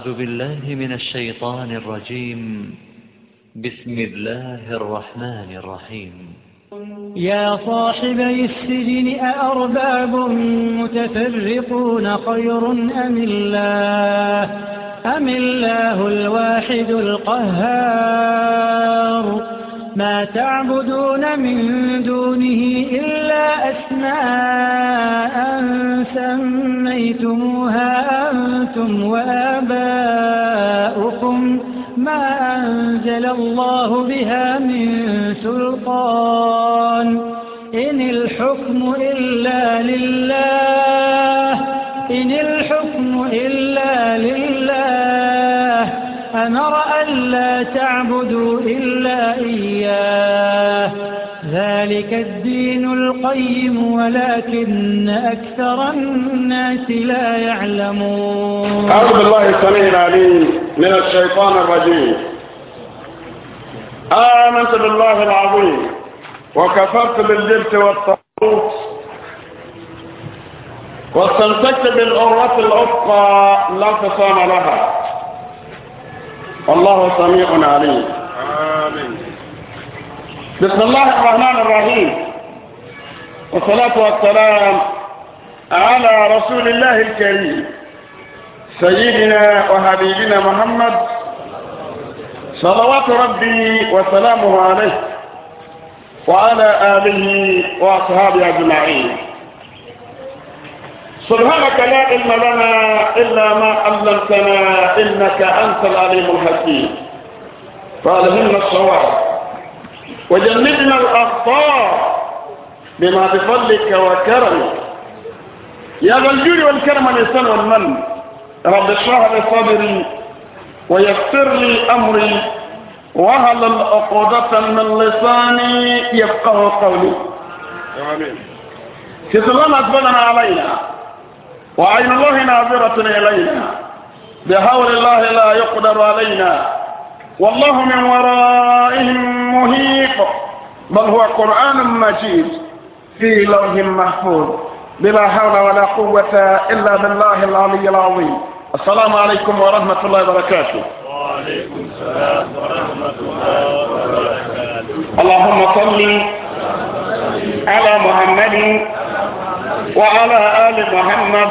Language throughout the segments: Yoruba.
أعوذ بالله من الشيطان الرجيم بسم الله الرحمن الرحيم يا صاحبي السجن أأرباب متفرقون خير أم الله أم الله الواحد القهار ما تعبدون من دونه إلا أسماء سميتموها أنتم وآباؤكم ما أنزل الله بها من سلطان إن الحكم إلا لله إن الحكم إلا لله أمر ألا تعبدوا إلا إياه ذلك الدين القيم ولكن أكثر الناس لا يعلمون أعوذ بالله السميع العليم من الشيطان الرجيم آمنت بالله العظيم وكفرت بالجبت والطاغوت واستمسكت بالعروة العتقى لا انفصام لها والله سميع عليم آمين بسم الله الرحمن الرحيم والصلاة والسلام على رسول الله الكريم سيدنا وحبيبنا محمد صلوات ربي وسلامه عليه وعلى آله وأصحابه أجمعين سبحانك لا علم لنا إلا ما علمتنا إنك أنت العليم الحكيم فألهمنا الصواب وجنبنا الأخطاء بما بفضلك وكرمك يا ذا الجود والكرم الإنسان والمن رب اشرح لي صدري ويسر لي أمري وهل العقدة من لساني يفقه قولي آمين في ظلام أقبلنا علينا وعين الله ناظرة إلينا بحول الله لا يقدر علينا والله من ورائهم مهيق بل هو قرآن مجيد في لوح محفوظ بلا حول ولا قوة إلا بالله العلي العظيم السلام عليكم ورحمة الله وبركاته وعليكم السلام ورحمة الله وبركاته اللهم صل على محمد وعلى آل محمد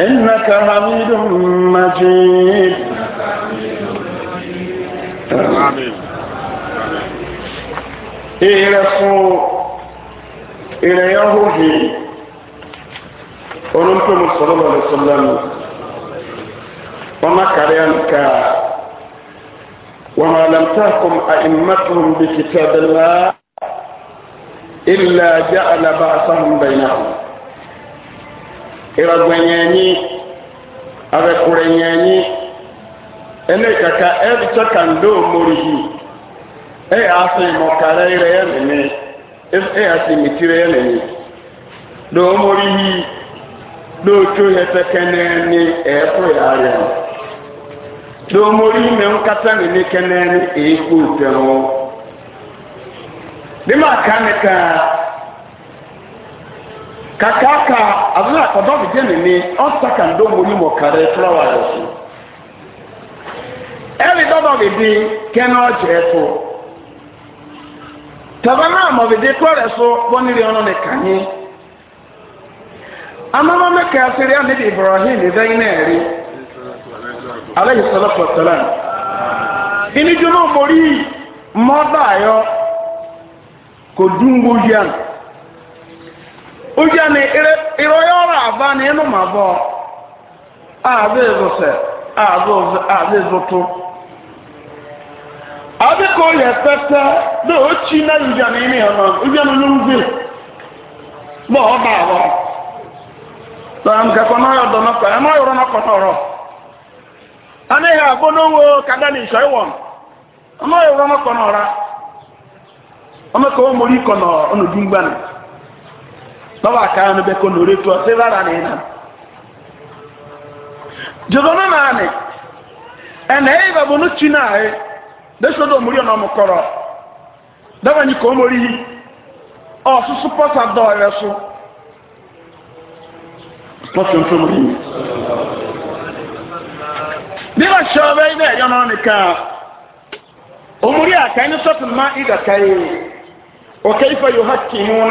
إنك حميد مجيد آمين إلى سوء إلى يهوه ورنتم صلى الله عليه وسلم وما كريانك وما لم تهكم أئمتهم بكتاب الله إلا جعل بعثهم بينهم ìrọ̀gbẹ̀ yẹn nyi abẹ́kùrẹ̀ yẹn nyi ẹnẹ kàkà ẹbí tsaka ndó morihi ẹyà asè mọ̀kàrẹ́ rẹ̀ yẹn nìyẹn ẹyà asè mìtìrẹ̀ yẹn nìyẹn ndó morihi ndó tso yẹ tẹkẹnẹ ní ẹ̀ẹ́kù yà rẹ̀ ndó morihi mẹ́wọ́n kata nìyẹn kẹnẹ ní ẹ̀ẹ́kù tẹ̀ wọ́n. bí mà kánìkà kakaka azụzụ akọdọ bidde nini ọsa ka ndị omori mụ ọkara efurawa ya ọsọ ẹbi dọdọ bidde kẹna ọjọ ẹfọ tabana ama bidde kọrọ ẹsọ bọniri ọnụ na kanye amama mẹka asịrị ya nidi ibrahim ịdọghị na-eri alayhi salatu wa salam ịnị jụrụ omori mmadụ ayọ kò dùn gbogbo ya nù. ụjọ na ịrọya ọrụ aba na ịnụ ma bọ aza ịzụsị aza ịzụtụ adịka onye pete na ochi na ụjọ na ịnụ ya nọ na ụlọ ọ na abọ tọọ nke na ọdọ nọkọ ya ma ọrụ nọkọ nọrọ anaghị abụ n'onwe na ọrụ ka ọ mụrụ ịkọ baba kaa no bɛkɔ na ɔretu ɔte rara ne nam dzodo no naa ne ɛna e ɛyɛ babo no twi no ahe de so dɛ ɔmori ɔna ɔmo kɔrɔ daba nyi ka ɔmori yi ɔsoso pɔsa dɔ ɔyɛ so pɔsa nso mo yi bí wàá hyɛ ɔbɛ yi ɛyɛ ɔna ɔne kaa ɔmori a kaa ɛne sɔfin ma ida kaa yi e. ɔkɛ ifa yi ɔha kii mu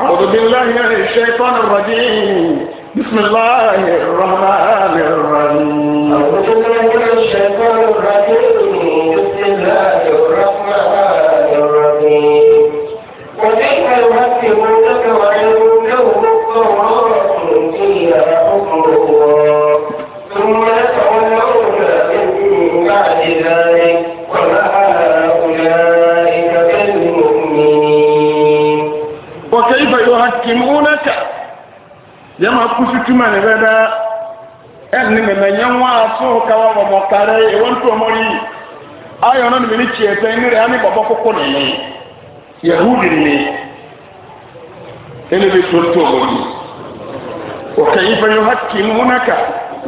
أعوذ بالله من الشيطان الرجيم بسم الله الرحمن الرحيم أعوذ بالله من الشيطان الرجيم shi ẹ̀fẹ́ ní rẹ̀ á ní bàbá kókó nìyí yahudi ni ẹni bí tó tó wọ́n yìí òkè yìí fẹ́yìn wá kì í mú náka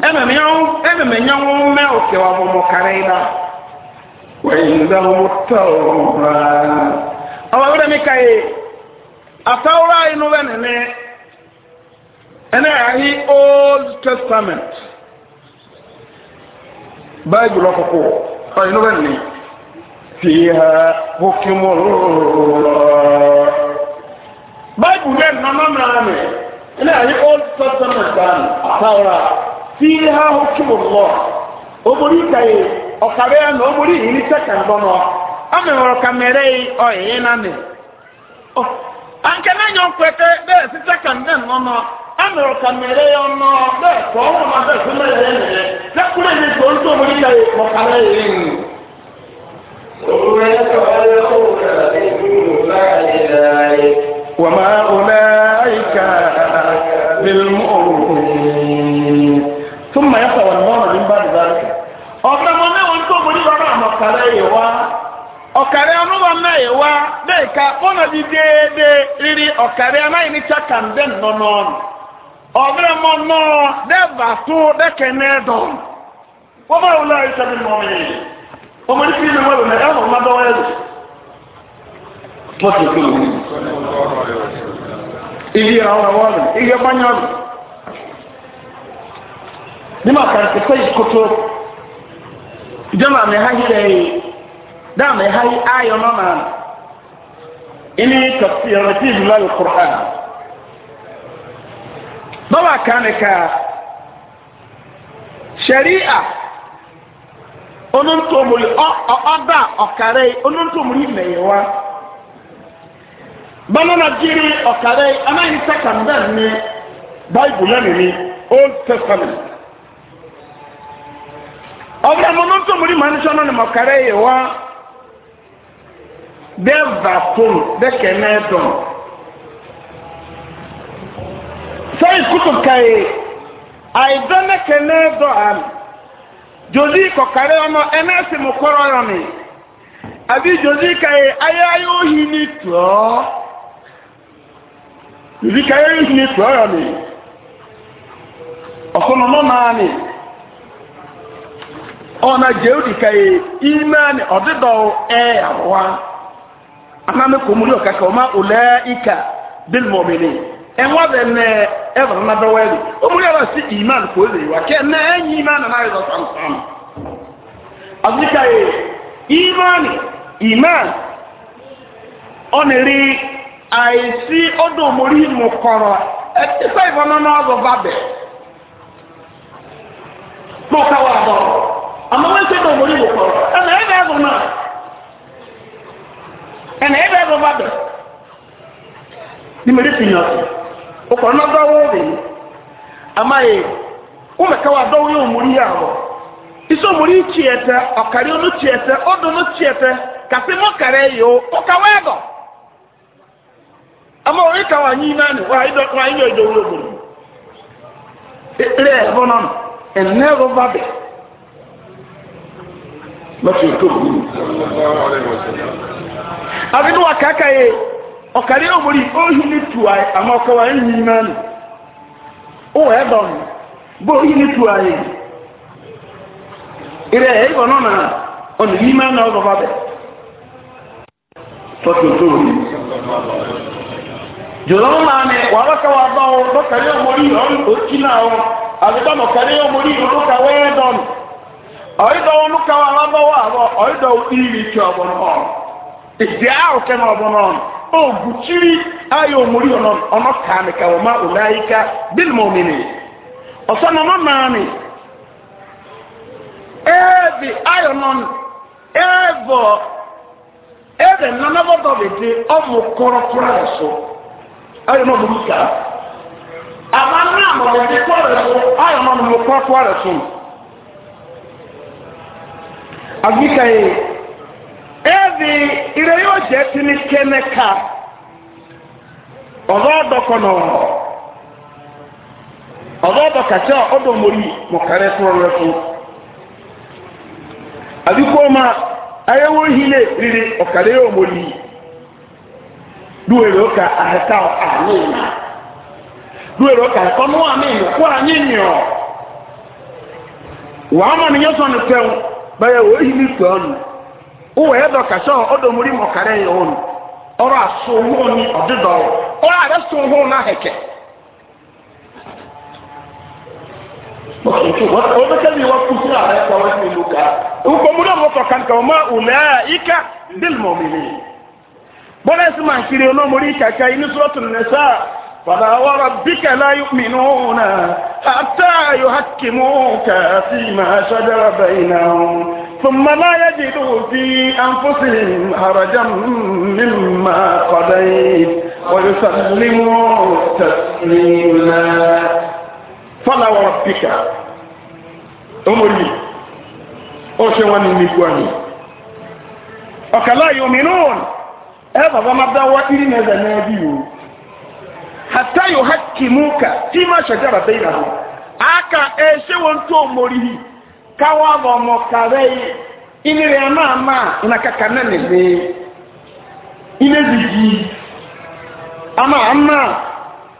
ẹ̀mẹ̀mẹ̀ yẹn wọ́n mẹ́ òkè wà mọ̀mọ́ kárẹ́ yìí náà wẹ́yìn dáhùn mú tọ́ ọ̀rọ̀ àwọn ọ̀rẹ́ mi ka yìí àtàwọ̀rọ̀ inú bẹ́ẹ̀ nìyẹn ẹni àyí old testament báyìí jùlọ kókó ọ̀yìn bẹ́ẹ̀ nìyẹn. فيها حكم الله بايبل ده نما نامي انا هي اول تestament كان تورا فيها حكم الله obori kai ọkàrẹ ya na obori yìí ní sẹkẹnd bọ nọ ọmọwòrán kàmẹrẹ yìí ọyẹ yìí nánì ọ ànkẹlẹ yàn pẹtẹ bẹẹ sí sẹkẹnd náà nọ nọ amẹrọ kàmẹrẹ yìí ọnà bẹẹ tọ ọhún ọmọ bẹẹ sí mẹrẹ yẹn nìyẹn lẹkùnrin yìí tó ń tó obori kai ọkàrẹ yìí nìyẹn. ثم يتولون من بعد ذلك وما أولئك بالمؤمنين ثم يتولون من بعد ذلك ọ̀gá mọ́ náà ń tó borí bàbá àmọ́ kàrẹ́ yìí wá ọ̀kàrẹ́ ọlọ́wọ́ náà yìí wá bẹ́ẹ̀ ká fọ́nà di déédéé rírí ọ̀kàrẹ́ anáyìí ní chakandé nnọ́nọ́ ọ̀bẹ̀rẹ̀ mọ́ náà dẹ́ẹ̀bà tó dẹ́kẹ̀ náà dọ̀ wọ́n bá wọlé ayé sẹ́mi mọ́ mi ọmọ ní fíìmù wọn lòmẹ ẹwọn ọmọ abọwọ ẹ lò wọn sì tó lòmù ìyí àwọn ọwọ rẹ ìyí ọba nyọ rẹ ní ma kàn kẹsẹ yìí kótó ìjọba mi ha yìí rẹ dáa mi ha yìí ayọ nọ nà ìní kọsí ọ̀rọ̀ tí ìlú ayọ kúrò hàn bọ́lá kan nìkan sẹ̀ríà onontomoli ọba ọkara onontomoli mẹyẹwa banana jiri ọkara anaghị sẹka mbẹ nne baịbụl nani old testament ọbịa na onontomoli ma nsọ nọ n'ime ọkara yẹwa deva tom deke n'edom sẹyìn kutu kaị aịdọ neke jozi kɔkare ɔno ɛna ase mo kɔrɔ yɔne abi jozi kae ayɛ ayɛ ohi ni tɔɔ jozi kae ayɛ ohi ni tɔɔ yɔne ɔkono no ɔna jewudi kae imaa ne ɔde dɔw ɛyɛ awa anam kɔmuri ɔkaka ɔma olɛ ika bil ẹ̀wọ́n bẹ̀ mẹ́ ẹ̀rọ ọ̀nàdọ́wọ́ ẹ̀rì ó mú yàrá sí ìmáàlì kò lè wá kẹ́ ẹ̀ ẹ̀yìn ìmáàlì náà yọ̀ sàmùsàmù. àbíkà yẹ ìmáàlì ìmáàlì ọ̀nìrí àìsí ọdọ̀ mórí mu kọrọ ẹ̀ ti sẹ́ ìbọn náà ọ̀bọ̀ bá bẹ̀. mo ká wà bọ̀ àmọ́ ti mu nimere fi yàn sí ọkọ̀ náà dọ́wọ́ rẹ̀ amáyé wọ́n mẹ̀ká wà dọ́wọ́ yóò múrí yà wọ́ iṣẹ́ òmùrí tì ẹ̀ tẹ ọ̀kàrí ọ̀nù tì ẹ̀ tẹ ọ̀dọ̀ ọ̀nù tì ẹ̀ tẹ kàfé mọ́kàrẹ́ yìí ó ọ̀kà wẹ́ dọ̀ àmọ́ orí kà wà yín náà ni wà á yọ ìdọ̀ wúlò gbòòrò ilé ẹ̀bọ náà ẹ̀nẹ́ ẹ̀rọ bá bẹ̀ lọ́sọ̀tò àbínú wà kàkà yìí. ọ̀kàrí òmùrí ohi ní tùwà àmọ́ ọkọ̀wà ẹ̀yìn ní mẹ́rin ó wẹ́ bó ohi ní tùwà yìí ìrẹ̀ ẹ̀ ìbọn náà nà ọ̀nà ní mẹ́rin náà ọ̀bọ̀ tọ́tù tó jùlọ máa ní wà lọ́kọ̀wà dọ̀ lọ́kàrí òmùrí náà ọ̀ òmùrí wẹ́ oguchiri ayɛ omori ɔnɔ ɔnɔ kaa ne ka wɔn ma ɔna yi ka bil ma ɔmini ɔsɛn ɔnɔ maame ɛɛbi ayɛ nọ ebe ɛɛbɛ nanabɔ dɔbi ọmụ ɔmu kɔrɔkɔrɔ yɛ so ayɛ ɔnɔ ɔmori ka ama naa ma ɔdi kɔrɔ yɛ so ayɛ ɔnɔ ɔmori kɔrɔkɔrɔ yɛ so ebi ire yóò jẹ́ ti ní kẹ́mẹ́kà ọ̀dọ́ ọ̀dọ́kọ̀nà ọdọ ọ̀dọ́kàtsẹ́ ọ̀dọ́ mọ̀rí mọ̀kàrẹ́ fúnrẹ́ fún àdúgbò ma ayéwo ọkara ya ọ̀kàrẹ́ yóò ụka dúwèrè ọ̀kà àhẹ́ká àánú ìlà dúwèrè ọ̀kà ẹ̀kọ́nú àmì ìyókù anyị ìyọ̀ wàá mọ̀ nìyẹn sọ̀nù pẹ̀wọ̀ báyà wọ́n hílé pẹ̀ọ́nù. wowɔ yɛ dɔ kasɛ ɔdɔmori mɔkare yɛ wɔn ɔrɔ aso wɔn ni ɔde dɔwɔ ɔrɔ a bɛ so wɔn na hɛkɛ ɔbɛ sɛbi wa kusi a bɛ kɔ wɔn mu ka nkɔmudɔ mu kɔ kan ka o ma wulɛ a yi ka bil mɔmini bɔlɛ si ma kiri o n'omori kaka yi ni sɔrɔ tun ne sa fala wɔrɔ bika la yi minnu na a taa yi hakimu ka ma sɔdɔ bɛ yi na ثم لا يجدوا في أنفسهم حرجا مما قضيت ويسلموا تسليما فلا وربك أمري أشوان نكواني أكلا يؤمنون هذا ما بدأوا إلي نزنابيو حتى يحكموك فيما شجر بينهم aka ẹ̀ṣẹ́ wọn tó mọ̀rí yìí kawa bɔ mɔ kare yi inere ama ama na kaka na ne be ine zizi ama ama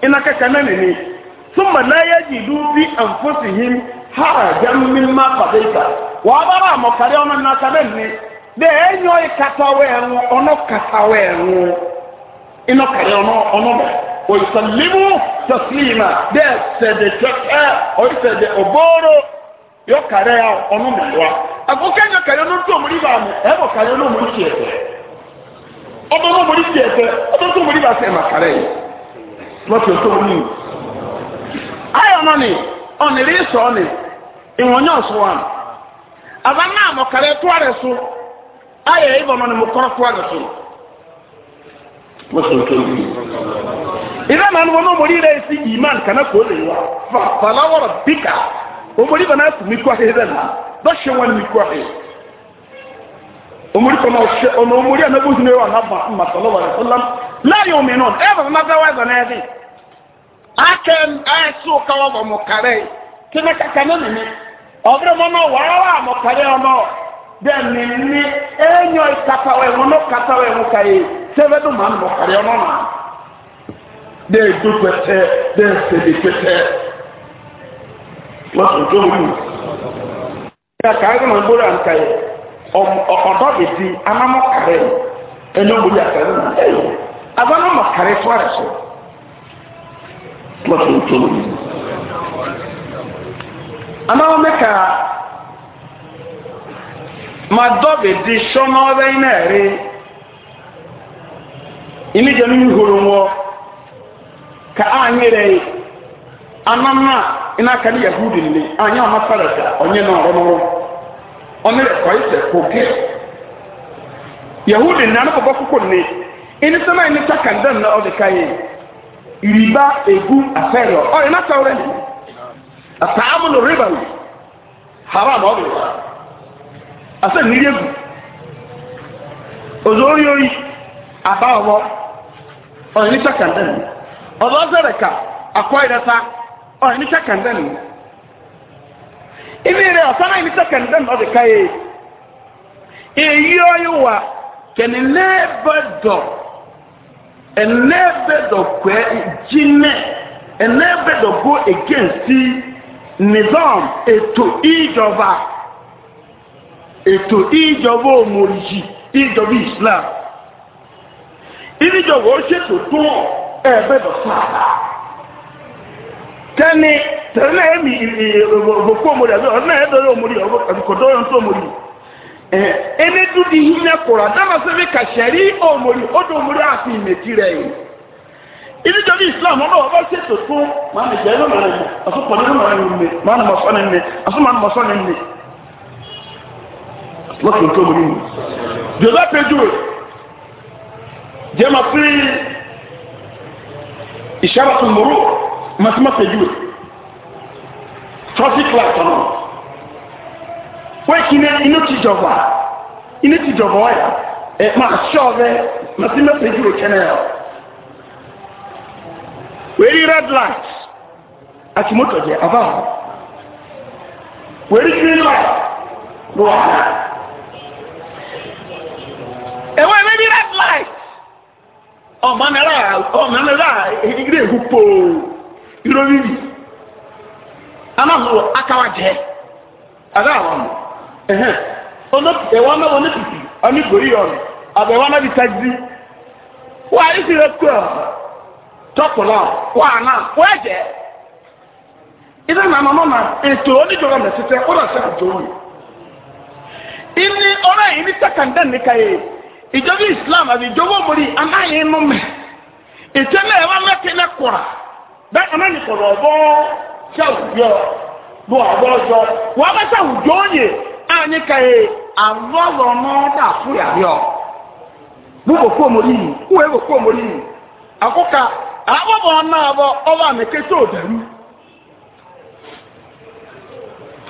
ina kaka na ne ne summa na ya ji dubi anfusihim harajan min ma fadaita wa bara mɔ kare ɔno na kare ne de enyo ikata wɛɛnu ɔno kata wɛɛnu ina kare ɔno ɔno bɛ oyisallimu taslima de sɛde tɛtɛ oyisɛde oboro. yọ kare ya ọ̀nù mẹ́wàá àkókò ẹ̀yọ kàrẹ́ ọ̀nù tó omori bá mi ẹ̀ bọ̀ kàrẹ́ ọ̀nù omori tiẹ̀ tẹ̀ ọ̀bẹ ọ̀nù omori tiẹ̀ tẹ̀ ọ̀bẹ tó omori bá sẹ̀ mà kàrẹ́ yìí lọ́tì ọ̀tọ̀ omi yìí. ayọ̀ nọ ni ọ̀nì rí sọ ni ìwọ̀n yóò sọ wa àbá náà mọ̀ kàrẹ́ tó rẹ̀ so ayọ̀ ìbọn omori bana asu mi kɔ ahe dɛ na dɔhyɛ wani mi kɔ ahe omori omori anabu hu ne wa na ba e, ma sɔlɔ wa sɔlɔ laayi omi nɔ ɛyɛ bɛ fama bɛ wa zɔn ɛyɛ de akɛ ɛyɛ so ka wa bɔ mo kare tɛnɛ kaka ne nene ɔbɛrɛ mo no wɔn wa mo kare ɔnɔ dɛ nene ɛnyɔ kata wɛ mo no kata wɛ mo ka ye sɛbɛ do ma mo kare ɔnɔ na de do pɛtɛ de sebe pɛtɛ. lọ́sùn tó wù. Ìyá kàáyé máa ń gbóra nǹkan yìí, ọ̀dọ́ bì di anámọ́ kàrẹ́ yìí, ẹni òun yà kàrẹ́ náà ẹ̀ yìí. kàrẹ́ fún àrẹ̀ sọ. Lọ́sùn tó wù. Anáwó mẹ́ka máa dọ́bì di sọ́nà ka á nyere a anana ina kani yahudi ni anya ọma masarata onye na ọrụ n'ọrụ ọmịrị kọ ise koge yahudi na anụ bọbọ akwụkwọ nne ịnị sọma ịnị chaka ndị na ọ dị ka ya riba egwu, afẹrọ ọ ịna ta ọrụ ndị ata amụlụ riba haram ọ dị asa nri egwu ozo ori ori aba ọbọ ọ ịnị chaka ndị ọbọ zere ka akwa ịdata ọ ní sẹkẹndẹ nù ibi rẹ ọsán náà ní sẹkẹndẹ nù ọdí ká e. e yé èyí ọyọ wa kẹni lẹẹbẹdọ ẹnẹẹbẹdọ e kọ ẹ jinlẹ ẹnẹẹbẹdọ go against nizam ètò ìjọba ètò ìjọba òmòrìjì ìjọba islam ìjọba ó ṣètò tó ẹẹbẹdọ sáà. tẹ́ni tẹ́ni náà mi òkú òmòrì àbí ọ̀rọ̀ náà ẹ̀dọ̀rọ̀ òmòrì ọ̀kọ̀dọ̀ ọ̀hún tó òmòrì ẹni dúdú yìí ní ẹkọ̀rọ̀ àdámà sẹ́fẹ̀ kàṣẹ́rí òmòrì ọdún òmòrì àti ìmẹ̀tì rẹ̀ yìí ìdíjọba islam ọmọ ọba ṣètò fún màmì jẹ́ ló mọ̀rẹ́ mi àsopọ̀ ní ló mọ̀rẹ́ mi mi màmì mọ̀ mi máa mathematics ju first class ọ̀nà wọ́n kí ní inú ti jọba inú ti jọba ya. ẹ̀ máa ṣọ́ ọ̀bẹ mathematics ju kẹ́nẹ́ ọ̀ wẹ́ẹ́ rí red light àti mọ́tò jẹ́ abáwọ̀ wẹ́ẹ́ green light ló wà náà ẹ̀wọ́n ẹ̀mẹ́ rí red light ọ̀mọ́nẹ́rà ọ̀mọ́nẹ́rà ìdílé ìhú pòó. irọ́ bíbí akawa akáwá jẹ́ àgá àwọn ọmọ ẹ̀hẹ́n ẹ̀wọ́n náà wọ́n ní pìpì ọ̀ní gòrí ọ̀nà náà bí tají wọ́n àyè sí rẹ̀ kú ọ̀ tọ́pù náà wọ́n àná wọ́n ẹ̀jẹ̀ nà mọ́mọ́ ètò oníjọba ó ìní yìí ní yìí ìjọba islam àti ìjọba òmùrí anáyé nù mẹ́ ìtẹ́lẹ̀ bẹ́ẹ̀ ọmọ nìkọ̀rọ̀ ọ̀bọ ṣàwùjọ bó àbọ̀ ọjọ́ wọ́n bá ṣàwùjọ òye àníkàyè e, àlọ́lọ́ náà dà fún yàrá ọ̀ búbò kú òmòrí yìí kú èèwò kú òmòrí yìí àkókò àwọ̀bọ̀ náà bọ̀ ọwọ́ àmìké tó dẹ̀rú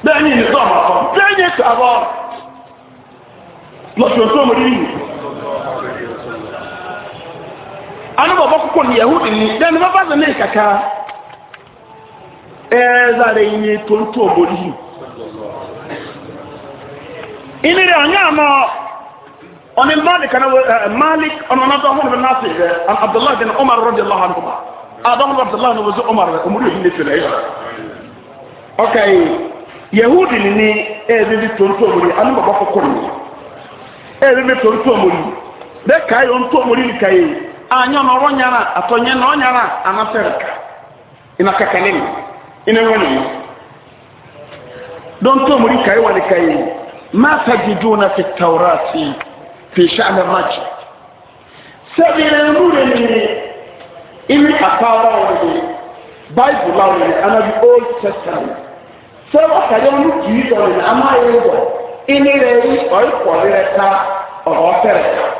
bẹ́ẹ̀ ni ìsọ̀ ọ̀bọ̀ bẹ́ẹ̀ ni ìsọ̀ ọ̀bọ̀ lọ́sọ̀ọ́sọ̀ òmòrí yìí anúbọ̀ ɔkɔ yahudi ni dɛn ne bɛfa sɛ ne kaka ɛɛ zare yi ne tonto ɔbɔli yi ini de ɔnyɛ ama ɔne malik kana ɛɛ malik ɔno ɔno dɔn hɔn bɛ naasi ɛ abdullahi bin umar rɔdi allah anu ma a dɔn hɔn abdullahi bin wosɛ umar rɛ omuri yi ne fɛlɛ yi ɔkɛ yahudi ni ni ɛɛ bi bi tonto ɔbɔli anu bɛ bɔ kɔkɔ ni ɛɛ bi bi tonto ɔbɔli bɛ kaa yi ɔnto ɔbɔli ni kaa yi anya na ọrọ nyara atọnye na ọnyara anafẹrẹ ina kakane mi ina wẹni mi don tó muri kai wani kai ma sajidu na fi taurasi fi sha'anin maji sabi na mu da ni imi akawara wani bible la wani ana bi old testament sɛ wakayɛ no kiri dɔ wani ama yɛ wɔ ini rɛ yi ɔyɛ kɔli rɛ ta ɔrɔ fɛrɛ ta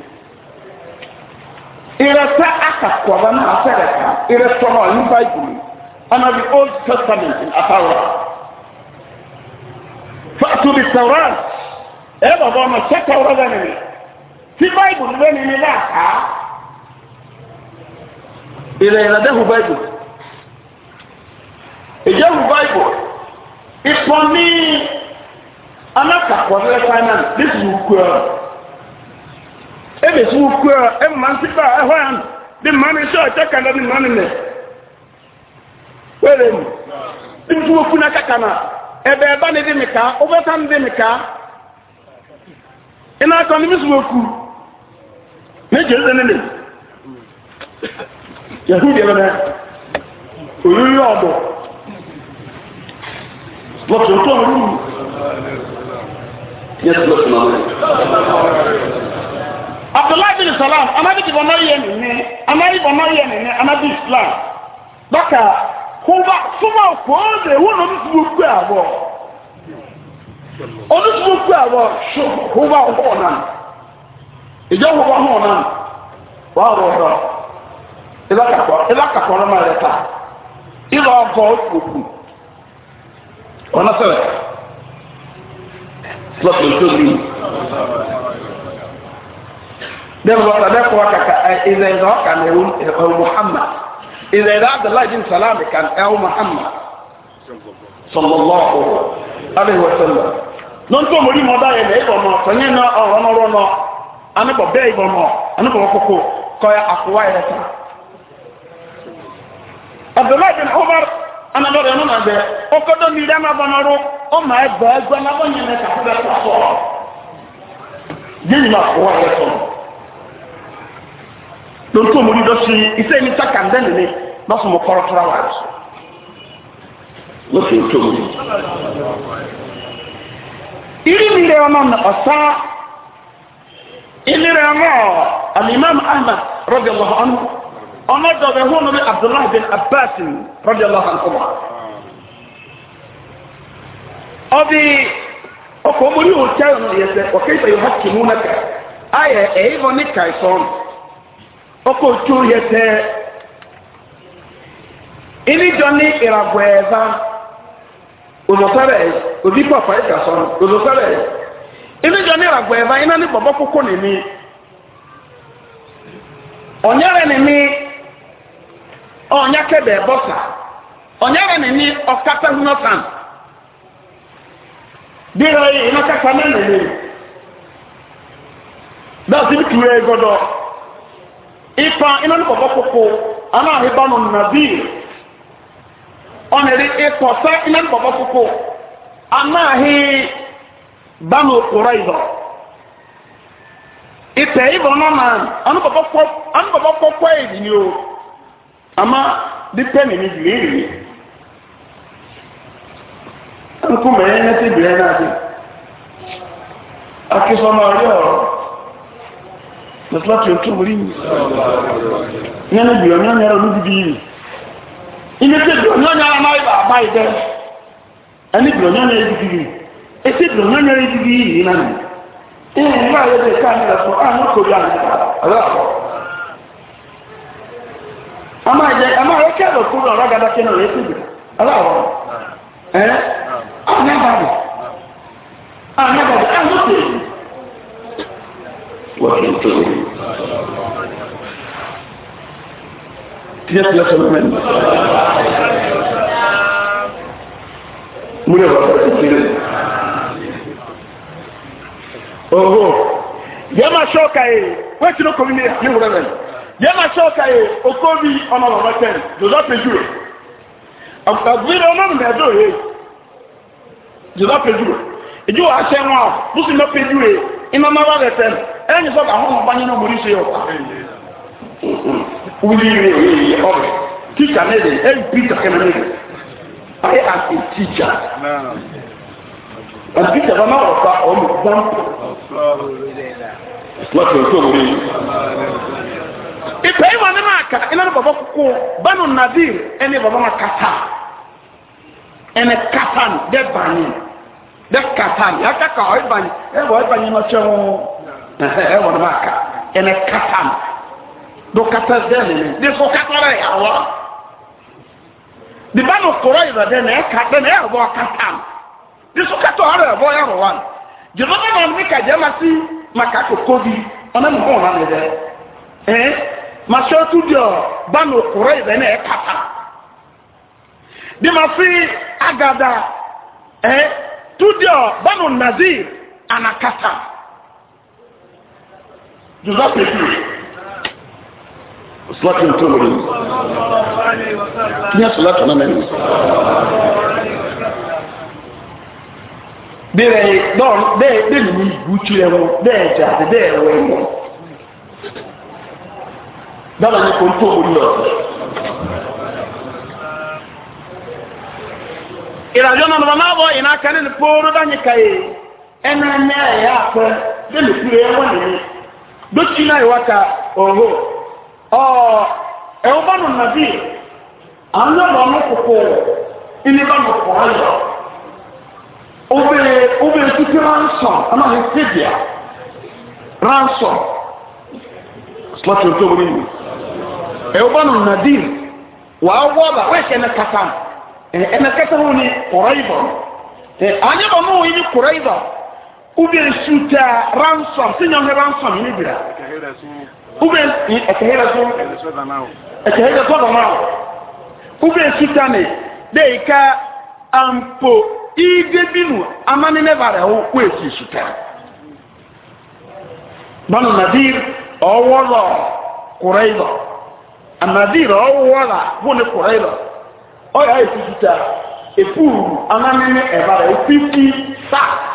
ìrẹsẹ akakọba náà sẹrẹka ìrẹsẹ náà ní báyìí ana the old testament in atawa fàtúbi tawrat ẹ bàbá ọmọ sẹ tawrat bẹ nìyẹn tí báyìí bẹ nìyẹn náà kà á ìrẹ ìrẹdẹhùn báyìí ìjẹhùn báyìí ìpọ ní anakakọ ní ẹsẹ náà ní sùkúrọ. ebe si ukwu a ndị nsịkpa ahụ ya ndị dị mma nị chọọ chọọ ndị mma nị were m dị okwu na kaka na ebe ebe nị dị mị ka ụbọta ndị dị mị ka ị na-akọ ndị mịsị okwu na-eji eze nile nị yahu ebe na oriri ọdụ lọtụ ụtọ ọrụ lọtụ na abdullahi bin salam amadi ti bɔnɔ yɛ nini amadi bɔnɔ yɛ nini amadi islam dɔkta kuba kuma kóòdè wọn ò ní ti bó gbé àbɔ ò ní ti bó gbé àbɔ so kuba hó nan ìjọ kuba hó nan wà á rọrọ ìlà kakọ ìlà kakọ ọlọmọ rẹ ta ìlà ọkọ òkú ọ̀nà sẹlẹ̀ lọ́sọ̀rọ̀ tó bí dẹ́nu bá sàdé kọ́ kàkà ẹ ìzẹ̀ ìzẹ̀ ọ̀kà ní ẹ̀wọ̀n ẹ̀wọ̀n muhammad ìzẹ̀ ìzẹ̀ abdullahi bin salam kan ẹ̀wọ̀n muhammad sọlọ́lọ́hu alayhi wa sallam. nọ́ńtò mọ̀rí mọ̀ báyìí lẹ́yìn bọ̀ mọ̀ sọ̀nyẹ́ náà ọ̀rọ̀ ọ̀rọ̀ náà anibọ̀ bẹ́ẹ̀ bọ̀ mọ̀ anibọ̀ kókó kọ́ ẹ àkúwá yẹn ta. abdullahi bin umar anabọ̀ rẹ̀ nínú àgbẹ̀ ọkọ̀ mi dáná bọ̀ nọ́rọ̀ ọmọ ẹgbẹ́ ẹgbẹ́ náà wọ́n yẹn mẹ́ta fún bẹ́ẹ̀ lórí tó mo rí lọ́sí iṣẹ́ mi ta kàndẹ́ nìyẹn lọ́sùn mo kọ́rọ́ tó ra wà lọ́sùn lọ́sùn tó mo rí. irú mi rẹ̀ ọmọ ọ̀sá ilé rẹ̀ ọmọ alimam ahmed rọ́bì allah ọ̀nù ọmọ dọ̀bẹ̀ hó lórí abdullahi bin abbas rọ́bì allah ọ̀nù kọ́mọ́. ọbí ọkọ̀ mo rí òun tẹ́ ọ̀nà yẹn sẹ́ ọ̀kẹ́ ìfẹ́ yóò hàkì mú náà kà á yẹ ẹ̀yìn bọ́ ní kàìsọ́ọ̀nù. ọkọ ojú yẹ tẹ́ ìníjọ ní ìràgbọ̀ ẹ̀dá òzòsẹ́rẹ̀ òbí pàpà ìgbà sọ̀rọ̀ òzòsẹ́rẹ̀ ìníjọ ní ìràgbọ̀ ẹ̀dá iná ní bọ̀bọ̀ kókó nìní ọ̀nyẹ́rẹ̀ nìní ọ̀nyákẹ́bẹ̀ bọ́sà ọ̀nyẹ́rẹ̀ nìní ọ̀kátẹ́húnọ́sàn bí ìrọ̀ ẹ ipa ina ni koko ana ahiba no nabi ɔnere ikɔsɛ ina ni koko ana ahi ba no kora ibɔ itɛ ibɔ nana ɔno bɔbɔ kɔ kɔ kɔ o ama di pɛ nini yiri nkume ɛyɛ ti n'adi e na ɔyɛ nasala tun tun muri mi nyana bi ɔnyɔ nyara olu bi biiri ime te bi ɔnyɔ nyara ma yi ba ba yi dɛ ɛni bi ɔnyɔ nyara yi biiri ese bi ɔnyɔ nyara yi biiri yi na mi ee n b'a ye de k'a yɛrɛ fɔ a n'o ko bi a yɛrɛ ala ama yɛ ama yɛ kɛ dɔ n'o ye ese bi ala wɔ ɛɛ a n'a وإن تؤمنوا تجد لك من من oho yẹma sọka yi wetin o komi ni wura mẹ yẹma sọka yi okobi ọmọ bàbá tẹ jọdọ pẹjúwe ọgbẹni ọmọ mi ẹdọ yẹ jọdọ pẹjúwe ìjọba aṣẹ wọn a bùsùn mẹ pẹjúwe ìmọ̀ mọ́ bá bẹ tẹ ẹni sọ́kà àwọn ọmọ báyìí náà mo ṣe ọ̀ wúlí rẹ̀ yìí ọ̀rẹ́ tíjà náà dẹ̀ ẹ̀ bí kàkẹ́ náà dẹ̀ I am a teacher. And Peter bá máa wọ̀ta ọmọ example. Láti ọjọ́ òwúrẹ́ yìí. Ìpè ìwà nínú àkà iná ní bàbá kúkú Bánu Nadir ẹni bàbá máa kàtà. Ẹni kàtà ní dẹ́ bàní. Dẹ́ kàtà ní. Yàtà kà ọ̀ ìbàní. Ẹ bọ̀ ìbàní máa wọn ẹ wọ́n bá kà ẹnẹ kata mu do kata dẹ́n ní ní so kata rẹ̀ yà wọ́ dìbà nù kúrọ̀ yìí dẹ́n ẹ kà dẹ́n ẹ bọ́ kata mu ní so kata ọ̀rọ̀ ẹ bọ́ yà wọ́ wọn jùlọ bá mi kà jẹ́ ma sí ma kà kó kóbi ọ̀nà mi kò wọn mi dẹ́ ẹ ma sọ tu diọ bá nù kúrọ̀ yìí dẹ́n kata bí ma sí agada ẹ tu diọ bá nù nàzí ànàkata jùlọ pẹ̀lú sọlátì tó wọlé ní sọlátì náà mẹ́rin. bẹ́ẹ̀ dọ́ọ̀n bẹ́ẹ̀ bẹ́ẹ̀ lùmí ìlú tí ẹ̀rọ bẹ́ẹ̀ jà àti bẹ́ẹ̀ ẹ̀rọ ẹ̀rọ dára ní kò tó wọlé ọ̀sẹ̀. ìrìnàjò náà lọ́wọ́ náà bọ̀ ìnáka ní kóró dányìí kàyé ẹnu ẹ̀mí ẹ̀yà àpẹ bẹ́ẹ̀ lùkúrẹ́ ẹ̀wọ̀n nìyẹn. dochi na iwaka oho ọ ẹwọn nàbí àwọn ọmọ ọmọ ilé bá nù kọ ayọ títí ransom ọmọ àwọn ransom slọtì ọjọ orí mi ẹwọn nàbí wà á wọ ọba wẹẹsì ẹnẹ kata ẹnẹ e, kata wọn ni kọrọ ìbọn ẹ ube suta ransom sinya he ransom ni bila ube ekehera so ekehera so ube suta ne de ka ampo ide binu amani ne bare ho ko esi suta banu nadir anadir esi suta ne e e e sa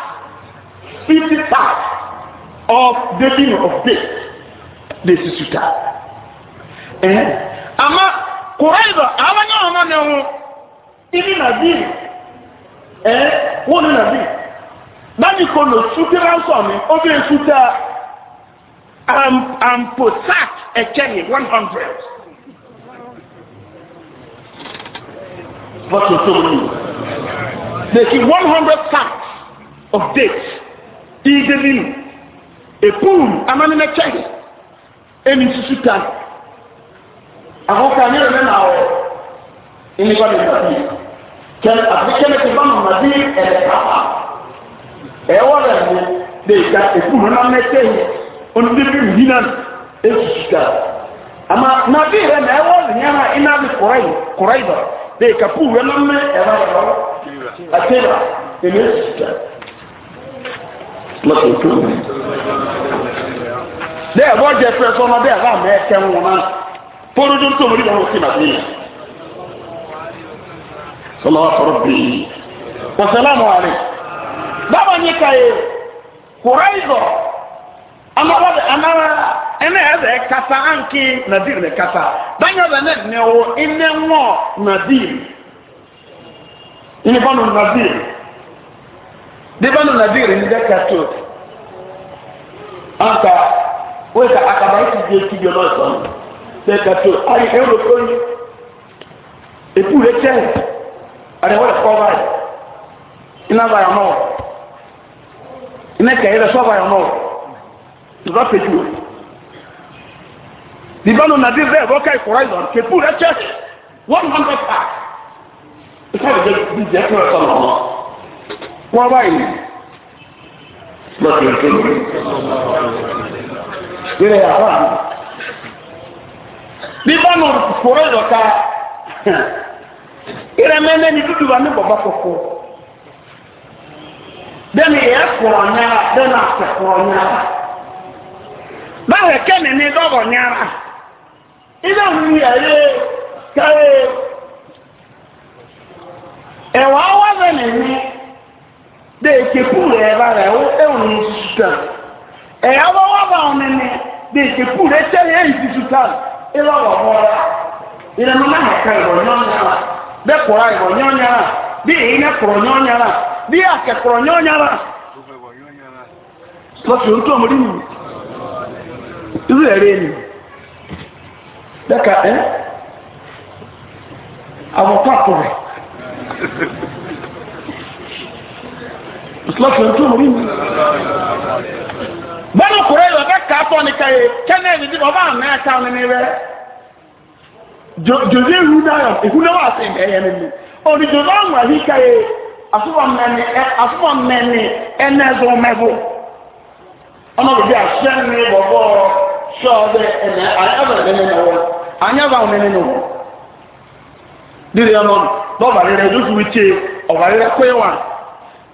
fifty five of dating of date de sisuta ɛn ama kuraiba awanya ɔmo ne ho ibi na bi ɛn wɔn ne na bi bani ko no sutira nsɔmi obi esuta am amposak ɛkyɛni one hundred. What you told me. They give 100 sacks of dates igezi nu epum amani na kyɛn ɛni susu ta yɛrɛ na awɔ ɛni ba ba bi kyɛn afi ba ma bi ɛdɛ papa e lɛ de ka epum na ne kyɛn ɔno de bi yi na esusu ta ama na bi yɛrɛ na ɛwɔ lɛ nyɛ ha ina bi kɔrɔ yi kɔrɔ yi ba ka na e e esusu lọ́kọ̀ọ́tò bẹ́ẹ̀ wọ́n jẹ fẹ́ sọ́nà bẹ́ẹ̀ bá mẹ́ tẹ́ wọn náà fọ́nrúdún tó mọ̀lẹ́ wọn sí màdé yìí sọlá wa sọ̀rọ̀ bẹ́ẹ̀ wàsálàmù àlẹ́ bàbá yìí ká yẹ kùráìzọ̀ amára amára ẹnna ẹ bẹ kasa anki nadir bẹ kasa báyọ̀ bẹ ní ẹ̀dínwó ẹnẹ́ ńwọ̀ nadir ẹnìkan nù nadir dibanu nadiri ni dɛ kato anka weka akaba eti di eti di ɔlɔ ɛfɔn dɛ kato ayi ɛwɔ kɔyi epu le tɛ ɛdi wɔlɛ kɔba yi ina ba yɔ nɔɔ ina kɛ yi lɛ sɔba yɔ nɔɔ nba petu dibanu nadiri dɛ ɛbɔ kɛyi kɔra yi lɔri kepu le tɛ wɔn hɔn bɛ pa ɛfɔ de bi jɛ kura sɔlɔ nɔ wọ́n báyìí lọ́sẹ̀ ìṣe ìrẹ̀ àwọn àmì. bí bánu fòrò ìdọ̀ka ìrẹ̀ mẹ́mẹ́ ni dúdú wa ní bàbá kọ̀kọ́ bẹ́ẹ̀ni ìyá kọ̀ọ̀ nyara bẹ́ẹ̀ni àkọ̀kọ̀ nyara báwo kẹ́mi ní dọ́bọ̀ nyara ilé òun yà yé káyé ẹ̀wà wà lẹ́nu ní de ekepu rẹ ba rẹ wo ewu ni sutan ẹyà wọwọ bá wọn nẹnẹ de ekepu rẹ sẹni ẹyìn ti sutan ẹlọ wọ bọlá ìlànà náà nìkan ìwọ nyọnyara bẹ kọrọ ìwọ nyọnyara bí èyí nẹ kọrọ nyọnyara bí àkẹ kọrọ nyọnyara lọsọ ojú ọmọdé mi irú ẹrẹ mi dẹka ẹ àwọn pàpọ rẹ ìsìlọ́sì ojú omi mi. bọ́lá kúrẹ́ yìí ọ̀bẹ kà á fọ́ ni káyé kẹ́nẹ́ ẹ̀dí dìbò ọba àná ẹ̀ka ọ̀nà ni rẹ. jòjì ihu dayọ ihu náà wà sí ẹ̀yẹ nínú. òdìjọ náà wà yí káyé asúbọ̀ mẹ́ni ẹ̀nà ẹ̀zọ́ mẹ́bù. ọmọ bìbí àṣẹ ni bọ̀bọ̀ sọ̀ọ́dẹ ẹ̀nà ayẹ́bẹ̀rẹ̀ nínú wọn ayẹ́bẹ̀rẹ̀ nínú wọn. dídì ọmọ bọ́ọ̀bà rẹ̀ lóṣù wíṣẹ́ ọ̀bà rẹ̀ kọ́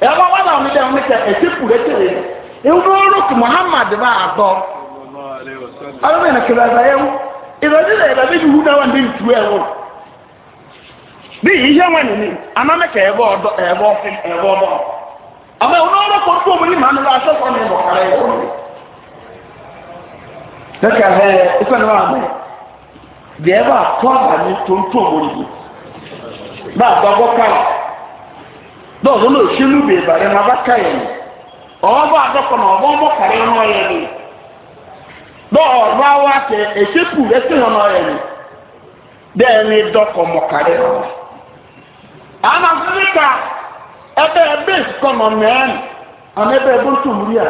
ẹ̀rọ wà náà mi dẹ́nu kẹ ẹ̀sẹ̀ kù lẹ́tẹ̀rẹ̀ ìwúrọ̀ kù muhammad bá a dọ́ ọlọ́mọ ìnà kẹlẹ́ ẹ̀dá yẹn ìrọ̀lẹ́ ìlà ìlà bíi ìwú wà ní ìtú ẹ̀rọ bí ìyá wà nìyí anamẹ́kẹ̀ ẹ̀bọ ọ̀dọ́ ẹ̀bọ ọdọ ẹ̀bọ ọdọ àmọ́ ìwúrọ̀ kù tó omi ní màá nílò aṣọ dɔɔbo no ohyɛ mu bee bare na baka yɛ no adɔkɔ na ɔbɔ mbɔ kare na awa kɛ ehyɛ pu esi hɔ na ɔyɛ no dɛɛ ne dɔkɔ mbɔ kare na ana sisi ka ɛbɛ ɛbɛ sikɔ na ana ɛbɛ ɛbɛ nso mu a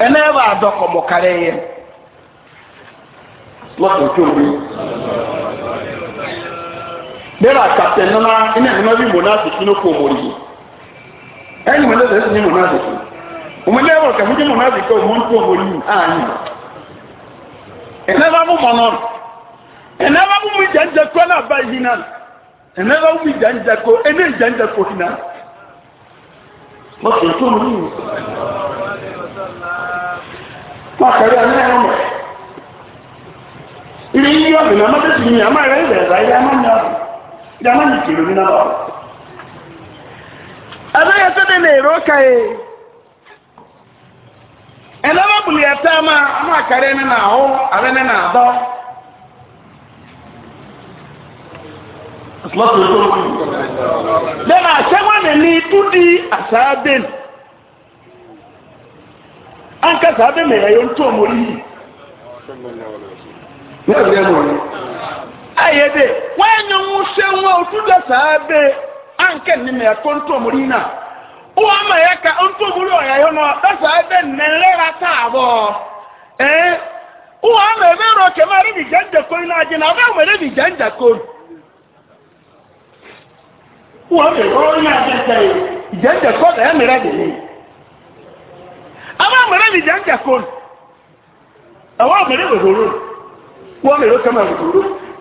ɛnɛ ɛbɛ adɔkɔ kare bẹ́ẹ̀rẹ̀ àkàtẹ̀ nana iná ìhànà bí mọ̀nàfíkì ló kó omori yìí ẹ̀yìn mọ̀nà lẹ́sẹ̀ ní mọ̀nàfíkì òmùdé ẹ̀wọ̀n kàfí jẹ́ mọ̀nàfíkì òmùn kó omori yìí ààyè ẹ̀nẹ́fà mú mọ̀nà ẹ̀nẹ́fà mú mi jẹ́njẹ́ kó náà bá yìí náà ẹ̀nẹ́fà mú mi jẹ́njẹ́ kó ẹ̀nẹ́ jẹ́njẹ́ kó yìí náà mọ̀tò tó mú yìí pàkàrí àná ilé yíyọ̀ bìnnà mọ́tò sì ní àmọ́ jama ni kìlò ní náà ẹ̀dá yẹn sẹ́dẹ̀ ní èrò kàyé ẹ̀dá bá bùlì ẹ̀tẹ́ ama ama kàrí ẹni nà áhó àbẹ́ ẹni nà àdọ́ bẹ́ẹ̀ náà sẹ́wọ́n ní ní dúdí àsáábẹ́n ànkà sáábẹ́n mẹ́rin ẹ̀yọ́ ń tó ọmọ yìí. ayede wee wɔanyɛ ho nwa otu da saa be anka ne mɛ ɛkɔ ntomori na ama ka no da saa be nnɛrɛra taabɔ ɛɛ wɔn ama ebe rɔ kɛmɛ ɛde na agye na ɔbɛ wɔn ɛde bi gyanja uwa ma ama ebe wɔn yɛ agye ko gyanja ya ɛyɛ mmerɛ de ne mere mmerɛ bi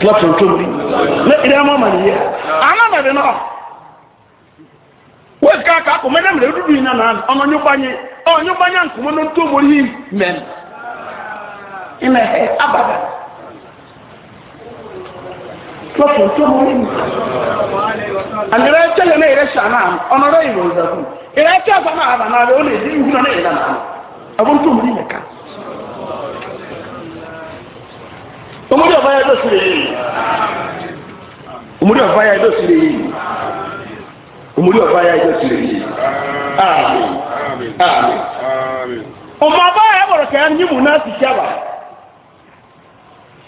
slọtụ ntụmri na-ekiri ama ma a ana mere nọ wee aka akụ mere mere ruru ina na ọnụ nkume na mere men imeghe abada slọtụ ntụmri andịrị eche ya na-ere sha na ọnọrọ igbo nzabu ere eche ọzọ na na ọ na ihu na ere na abụ omúdí ọ̀fáyà ló sì lè yìí omúdí ọ̀fáyà ló sì lè yìí omúdí ọ̀fáyà ló sì lè yìí ààmì ààmì ọmọ abáyà ẹ̀bọ̀rọ̀ kẹ́yà ní mú náà sì ṣàbà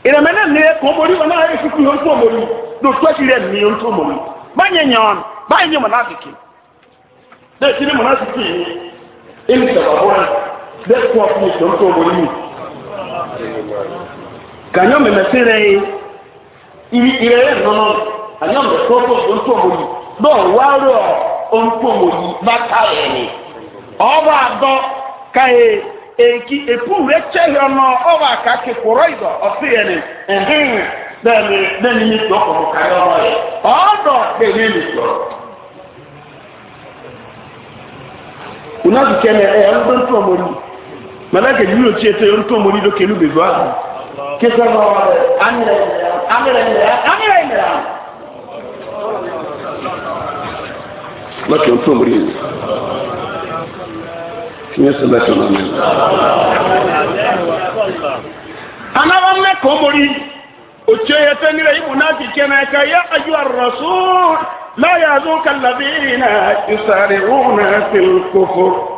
ìrẹ̀mẹ́ náà ní ẹkùn omori wọn náà yóò fi ojú omori ló tó ẹ̀kí rẹ̀ ní ojú omori báyìí yẹn wọn báyìí yẹn mọ̀ náà sì kì bẹ́ẹ̀ sí ni mọ̀ náà sì kì yìí ẹ̀mí sọ̀rọ̀ bọ́ẹ̀ bẹ́ẹ̀ kú ọkùnrin tó ń tó mi. kanyo memesire irere nono anyo me koko onto moyi do waro onto moyi bakaye ni oba do kae enki epu re chehyo no oba ka ke koroido ofiye ni ehin dani dani ni to ko kayo no e odo de ni eh, do أنا عمل عمل عمل عمل لكن أنا مريض في ناس عمل أنا وانا كومري وشيئة نرى منافق كما يا أيها الرسول لا يعزوك الذين يسارعون في الكفر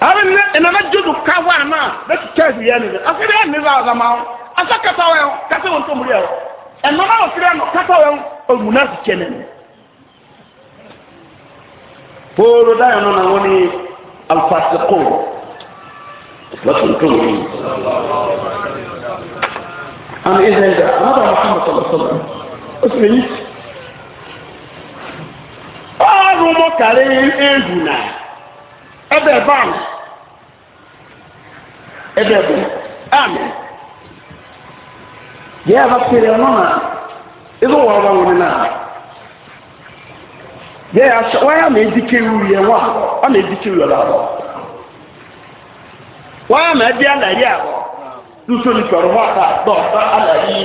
abe ne enana jodu kawo ana ne ti kɛɛsi yɛ ne de ase de ɛni ba azama o ase kata wɛ o kata wɔn tomori yɛ o ɛnana ofiri ano kata wɛ o omuna ti kyɛ ne ne pooro dayo no na wɔn ni alfasikun wɔtuntun yi ana ɛyɛ ɛyɛ ana ba ma kama sɔlɔ sɔlɔ o sì yi ɔɔ kari ehu naa. ebe ebe ahụ ebe bụ amị ya abapere ọnụ na ịzụ ụwa ọba nwere na ya ya asọ waya ma edike uru ya nwa ọ na edike uru ya abụọ waya ma ebe alaghị abụọ n'usoro tuso ni kọrọ hụ aka dọọta alaghị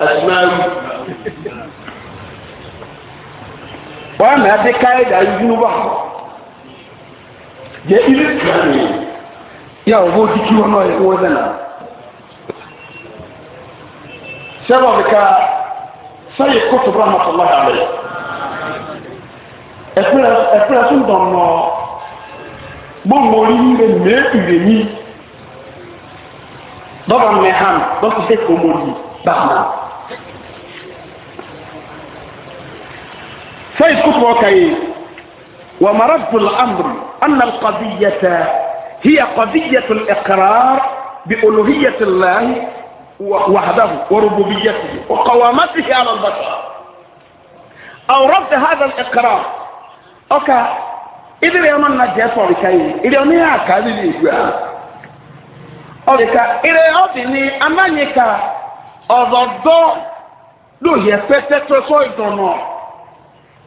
asimaru waya ma ebe ga izu n'ụgbọ ahụ jẹ ilé tìlánì yà wọ́n bó dikí wọn náà wọ́n dẹ̀ náà sẹ́wọ̀n mi ká sáyé kótó bá ma sọ̀rọ̀ yà lẹ̀ ẹ̀fúrẹ́ tó ń dàn nọ gbọ́ngàn orí rẹ̀ mẹ́ẹ̀kì rẹ̀ yí dọ́gba mi hàn lọ́sí sẹ́ kò mọ̀ yìí bá ma. sáyé kótó wọn kà yìí wà mara bùrọ̀ àmùrù. أن القضية هي قضية الإقرار بألوهية الله وحده وربوبيته وقوامته على البشر أو رد هذا الإقرار أوكا إذا يمنى جاسر كي إذا يمنى كذلك ọ̀rẹ́ka eré ọ̀bìnrin amáyíka ọ̀dọ̀dọ́ ló yẹ pẹ́tẹ́ tó sọ ìdùnnà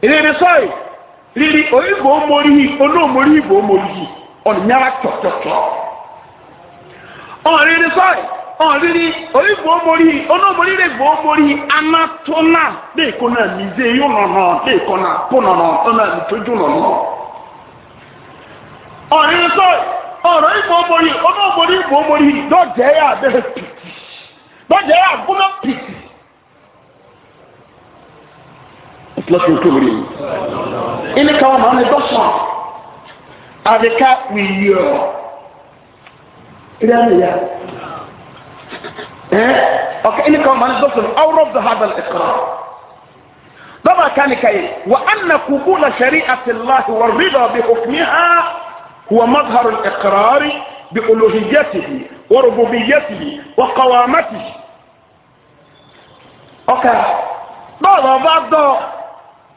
ìrírí sọ́yìí riri oyinbo omorihi onomorihi bo omorihi ọnyara tọtọtọ ọrịrị sọrị ọrịrị oyinbo omorihi onomorihi bo omorihi anatọna deko na mize yi nọnọ deko na pụnọnọ ọna ntoju nọnọ ọrịrị sọrị ọrọ igbo omorihi onomorihi bo omorihi dọjẹ ya abẹ piti dọjẹ ya agụmọ piti. láti òkèwèrè mi ilé kan wọn ní dọ́sàn àdìka wìyọ ilé àná ya ẹ ọkọ ilé kan wọn ní dọ́sàn ọwọ́rọ́ bẹ ha bẹ̀rẹ̀ ẹ̀kọ́ bàbá kánìkà yìí wà á nà kúkú la sari àti láhi wà rídà bí òfin ha wà mọ́tàrú ẹ̀kọ́ rí bí olóhìyẹ́tìhì wà rògbòbìyẹ́tìhì wà kọ́wàmẹ́tìhì ọkọ báwo bá dọ̀.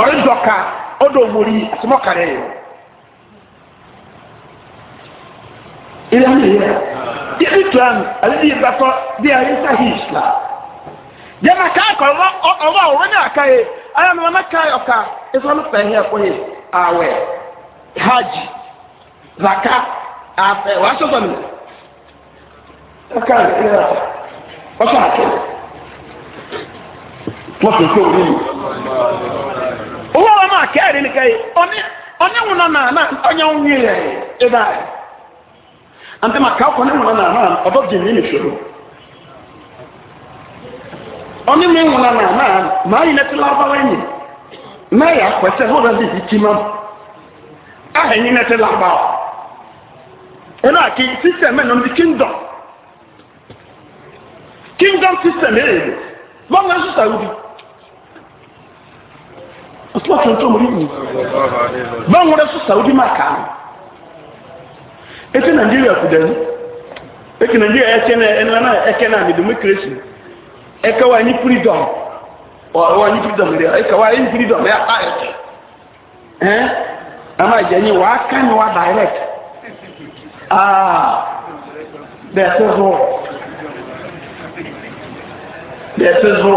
ọ̀rẹ́ dọ̀ka ọ̀dọ̀ òmòrí ya yìí ilé ayé yẹ yẹbi islam àdéhùn yìí ha islam yẹmà káàkọ ọmọ ọmọ ọwọ ní àkàyè ayé mi ya káyọ ká ìfọwọ́n fẹ̀hẹ́ ẹ̀kọ́ yìí àwẹ̀ zaka àfẹ wàá sọ̀tọ̀ mi. Ọkàn ìlera lọ́sọ̀ tó rí mi. owó wa máa kẹ́rì ní kẹ́yì ọ̀ní wọn náà náà ọ̀nyẹ́ wọn wí rẹ̀ ẹ̀ dá ẹ̀. àǹtí màá kà ọkọ̀ ní wọn náà náà ọ̀dọ́ jì ní mi ṣòro. ọ̀ní mi wọn náà náà màá yìí lẹ́tí lábáwá ẹ̀yìn náà yà á pẹ̀sẹ̀ lọ́dà ní ìdí kí máa. ahẹ̀yìn lẹ́tí lábáwá. ẹ̀ náà kí sísẹ̀ mẹ́rin ní kingdom kingdom system ẹ̀ ẹ̀ bọ́ọ̀lù ẹ̀ sọ̀rọ̀ bíi ọtúwọ́ kan tó mọ̀rí yìí báwọn rẹ̀ sọ saudi máa kà á etí nàìjíríà kù dẹ̀rú etí nàìjíríà ẹ̀kẹ́ náà ẹ̀nà náà ẹ̀kẹ́ náà mi dùnmí kérésì ẹ̀kẹ́ wa ní freedom ọ̀wọ́ ní freedom rẹ̀ ẹ̀kẹ́ wa ní freedom rẹ̀ apá ẹ̀kẹ́ ẹ̀ àmà ìjẹ̀yìn wàá ká ni wàá direct ah bẹ́ẹ̀ tó zọ bẹ́ẹ̀ tó zọ.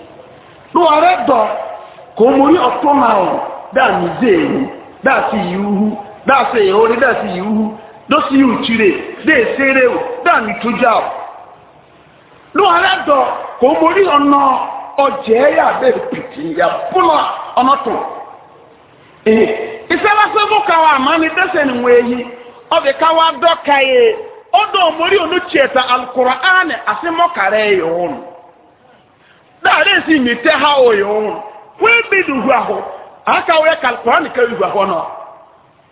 lóore dọ̀ kò mórí ọ̀tún náà ọ̀ dáa ní zéèyí dáa sí ìhúhú dáa sí ìhórí dáa ìhúhú lọ́sí ìhùchire déè séré o kò mórí ọ̀nà ọ̀jẹ̀ yà bẹ́ẹ̀ pìtì yà dẹ́sẹ̀ ni wọ́n èyí mórí àti mọ́kàrẹ́ dáadé sí mi tẹ́ ha òye òun wọ́n bí dùhù àhó àkàwé kàlùkùránì kẹwì hù àhó náà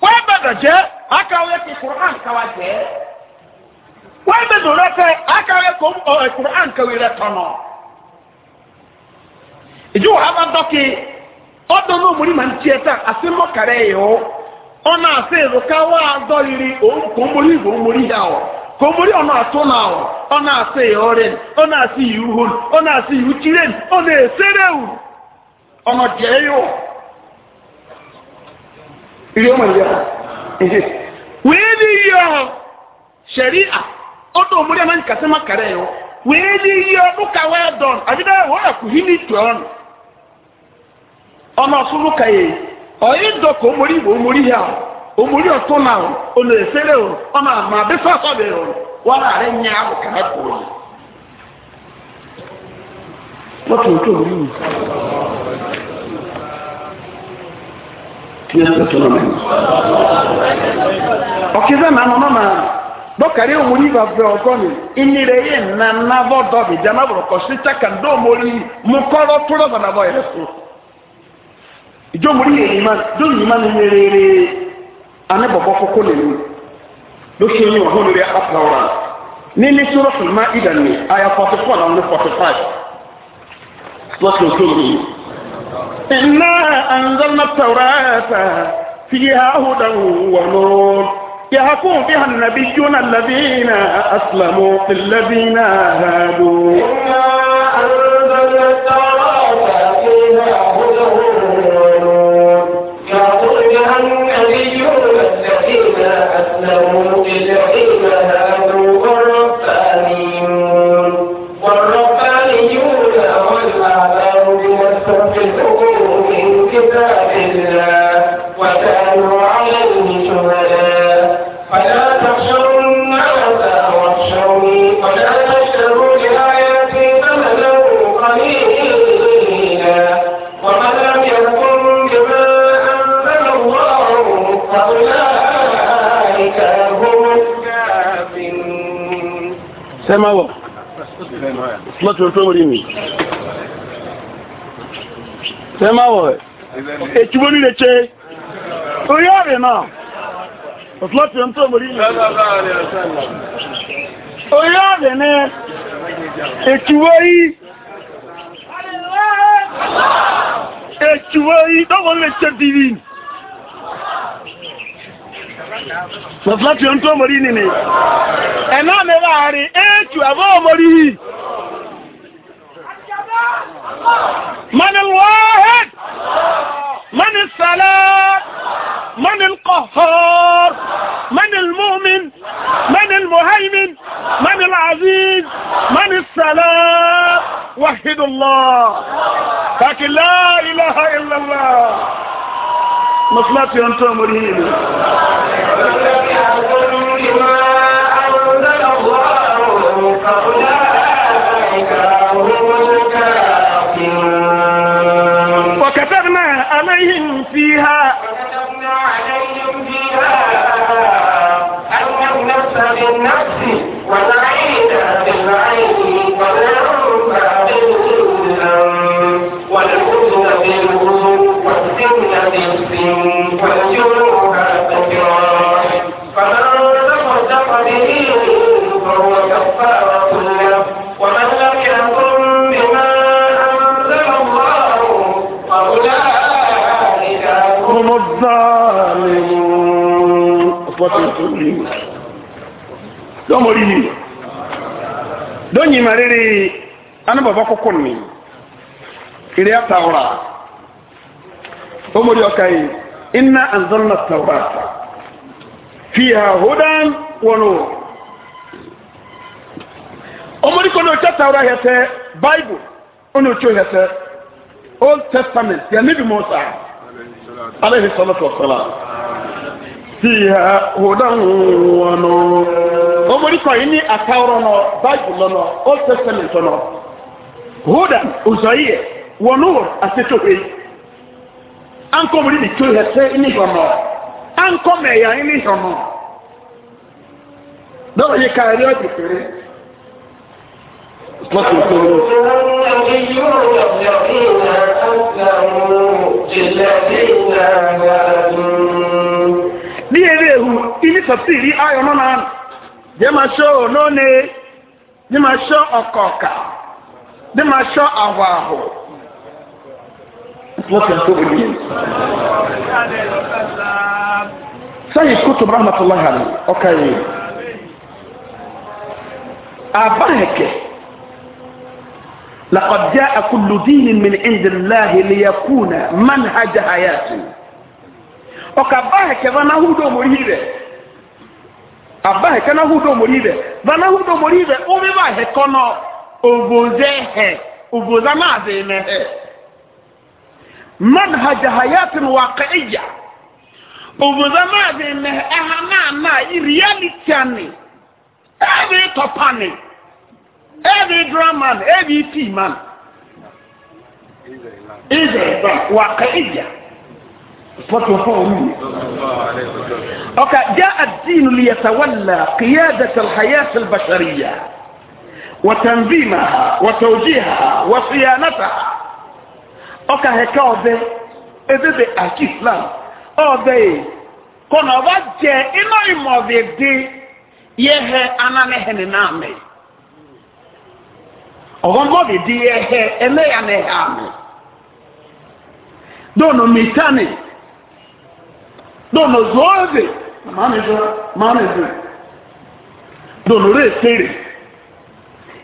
wọ́n bẹ̀rẹ̀ jẹ́ àkàwé kí kùránì kàwá jẹ́ wọ́n bí dùhù rẹ̀ tẹ́ àkàwé kùránì kẹwì rẹ̀ tọ̀ náà. ìjú wàá bá dọ́kì ọdún náà mo ní tiẹ̀ yìí ó ọ̀nà òun kò ìgbò yà ka na-asị kòmórí ọ̀nà àtúnà ọ̀ ọ̀nà àṣẹ na ọ̀nà àṣẹ ìhúhùn ọ̀nà na ìhúkírẹ́ ọ̀nà èsèrèwù ọ̀nà na esere u ìyá wèé ní yọ ṣẹ̀rí à ọ̀dọ̀ òmórí ọ̀nà ìkàsẹ́ má kàrẹ́ yọ wèé ní yọ lúkà wẹ́ dọ̀n àbídá wọ́n ẹ̀kú yìí ní ọnụ ọ̀nà ọ̀nà ọ̀sùn lúkà yìí ọ̀yìn ka kòmórí igbo òmórí ihe ahụ. omori ọtọ na ọnụ na ọ na ma befa dị ọ wara arị ka ha kwuo ya lọtọ otu omori tinye na mmadụ ọkịza na anọ na dọkarị omori ibe abụọ ọgọ ịnyere na nnabọ dọbi bụrụ ndị omori mụkọrọ tụrụ na bọ ya omori ya na ane bɔbɔ koko ne mu lóṣù yìí wọn hóni rẹ afrawura ní ní sọrọ fìlímà ìdá ni àyà forty four náà ní forty five lọ́sọ̀ tó yìí. iná anzalna tawrata fiha hudan wa nur يحكم بها النبيون الذين أسلموا للذين هادوا sórí mi tẹ́máwọ̀ ẹ̀kíwó nílé ṣe orí ọ̀rẹ̀ náà ọ̀flọ́tí ọ̀n tó mọ̀rí mi orí ọ̀rẹ̀ ní ẹ̀kíwó yìí ẹ̀kíwó yìí tọ́wọ́ nílé ṣe dìrì ọ̀flọ́tí ọ̀n tó mọ̀rí nìní ẹ̀nà mẹ́wàá rí ẹ̀kíwó من الواحد من السلام من القهار من المؤمن من المهيمن من العزيز من السلام وحد الله لكن لا إله إلا الله مصلاتي أنتم مرهيني أولئك عليهم فيها obìnrin lọ́mọrí ni lóyìn máa rere anábàbá kọ́kọ́ ni eré àtàwọ̀rà ọmọdé ọkà yìí iná àǹzọ́nà tàwọ̀rà fi àhódán wọnú ọmọdé kọ́ ní ọjọ́ tàwọ̀rà yẹtẹ báìbù ó ní ọjọ́ yẹtẹ old testament yẹn níbi mọ́sá aláìsí sọ́lá tó fiha hudan wa nur o mori ko ini atawro no bible no old testament no hudan uzaiye wa nur aseto he an ko mori ni to he se ini ko no an ko me ya ini so no do ye ka ri o ti ini tafsiri ayo nona je ma sho none ni ma sho okoka ni ma sho awaho Mwakan to budi. Sayyid Kutub rahmatullahi alayhi. Okay. Abareke. لقد جاء كل دين من عند الله ليكون منهج حياته. Ọkà báyìí kẹfà náà húdò mú rí rẹ̀. abahe kana hudo moribe bana hudo moribe obe ba he kono oboze he oboza ma ze me he manhaj hayatun waqi'iyya oboza ma ze aha na na reality ani every topani every drama every film man is a waqi'iyya صلى الله عليه وسلم جاء الدين ليتولى قيادة الحياة البشرية وتنظيمها وتوجيهها وصيانتها أوكا هكا أوبي إذا أكي إسلام أوبي كون أوبي إنو إموذي دي يهي أنا نهني نامي أوبي دي يهي إنو يعني هامي دونو ميتاني dono zoze manezo dono re sere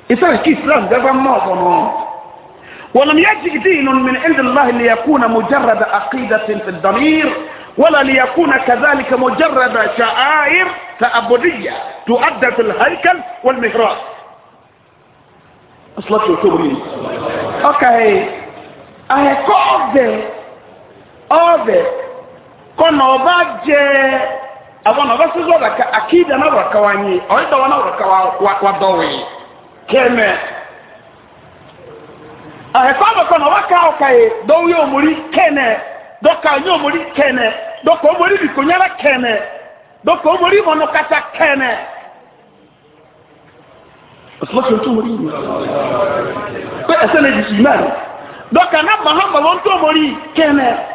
isa ki islam gaza mafo ولم يجد دين من عند الله ليكون مجرد عقيدة في الضمير ولا ليكون كذلك مجرد شعائر تأبدية تؤدى في الهيكل والمهراب أصلت يتوبني أوكي أهي كأوبي أوبي kɔnɔ ɔba jɛ àwọn ɔba soso ɔdaka akida na ɔdaka wa nyi ɔyida wa na ɔdaka wa wa dɔwɛ kɛmɛ ɛfɛ ɔba kɔnɔ ɔba ka ɔka yi dɔwɛ omori kɛnɛ dɔka onye omori kɛnɛ dɔka omori bikonyara kɛnɛ dɔka omori mɔnukata kɛnɛ ɔsɔsɔ yi ɛsɛ na yi ka na wɔn kɛnɛ.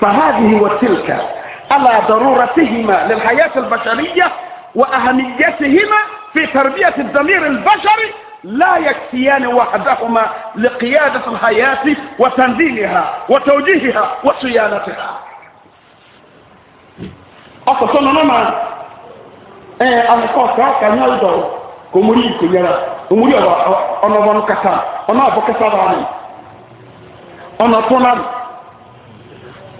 فهذه وتلك على ضرورتهما للحياة البشرية وأهميتهما في تربية الضمير البشري لا يكفيان وحدهما لقيادة الحياة وتنزيلها وتوجيهها وصيانتها أصلا نما إيه، أنا أنا أنا أنا أنا أنا أنا أنا أنا أنا أنا أنا أنا أنا تونام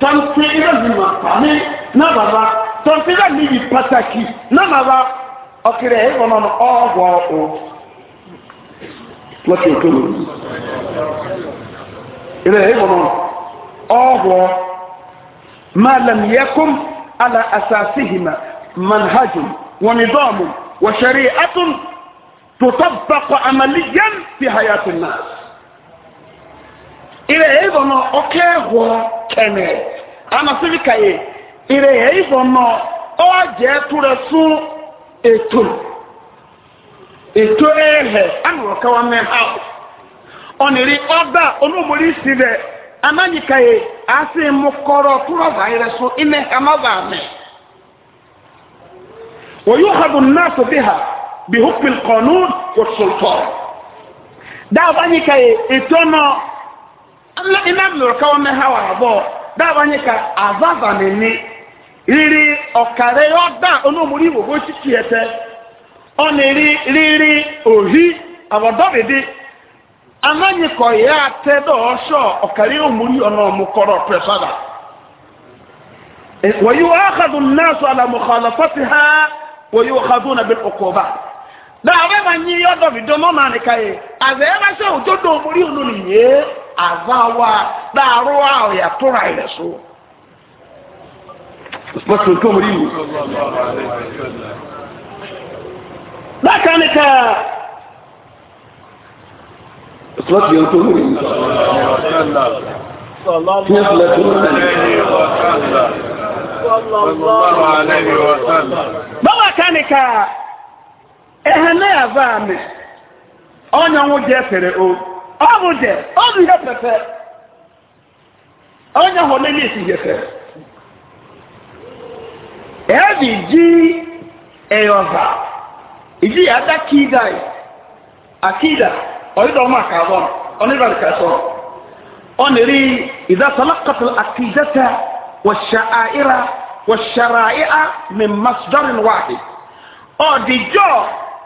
tọ́ntì ìrẹ́zìmọ̀ pàmí náà bàbá tọ́ntì ìrẹ́zìmọ̀ pàtàkì náà bàbá ọ̀kẹ́rẹ́ ẹ̀ wọ́n nọ ọ̀gbọ̀ ọ̀ lọ́kì òkè lòdì ìrẹ́ ẹ̀ wọ́n nọ ọ̀gbọ̀ máa lẹ́m yẹkùn àlà àsàsìhìmà manhajum ونظام وشريعة تطبق عمليا في حياة الناس إلى أيضا أوكي هو tẹ̀mẹ̀ anasíríkà yìí ìrè yẹn ìbọn mọ ọ̀jẹ̀ tura fún ètò ètò ẹ̀hẹ̀ anurọ̀kẹ́ wọn mẹ́ ha ọ̀nìrí ọba onúmọ̀rí sí rẹ̀ anáyíkà yìí àti mokọrọ tura báyìí fún ilẹ̀ hamaba mẹ́ wọ́n yóò hàdùn náà tó bí ha bí hùpìl kọ̀nù kò sọ̀tọ̀ dáàbá yìí kà yìí ètò náà ala ina mmiri ka wọn ha wà abọ dáàbà nye ka azaza nìní riri ọkàrẹ ọdá onómúri wò bó títí ẹtẹ ọnà rí riri òhì àbọdọbìdì anányikọ yẹ atẹ dọ ọsọ ọkàrẹ òmúri ọnà ọmọkọrọ pẹsàdà wọ́n yóò ákàdùn náà sọ àlàmùkọ́ àlàfọ́tì ha wọ́n yóò ákàdùn nàbẹ́ ọkọ̀ báà dàbẹ́ ma nyi ọ̀dọ̀ mi dọ́mọ́ ma nìka yẹ àzẹ́ ẹ bá sẹ́ òjò dò mórí ònú nìyẹ àzá wa dàrú wa ọ̀yà tóra yẹ so. Bọ́sùn tó mórí wò. Bákan nìka. Sọ́ọ̀tì yẹn tó mórí wò. Tiẹ̀ filẹ̀ tó mórí wò. Báwa kan nìka. ehe na-ava amị onye ọnwụ ji fere o ọ bụ je ọ bụ ihe pepe onye ahụ onye na-esi ihe fere ebi ji eyọva iji ya ada kida akida ọyịda ọma ka abụọ ọnịba ka sọ ọ na-eri idha talaqat al-aqidata wash-sha'ira wash-shara'i'a min masdarin wahid ọ dị jọọ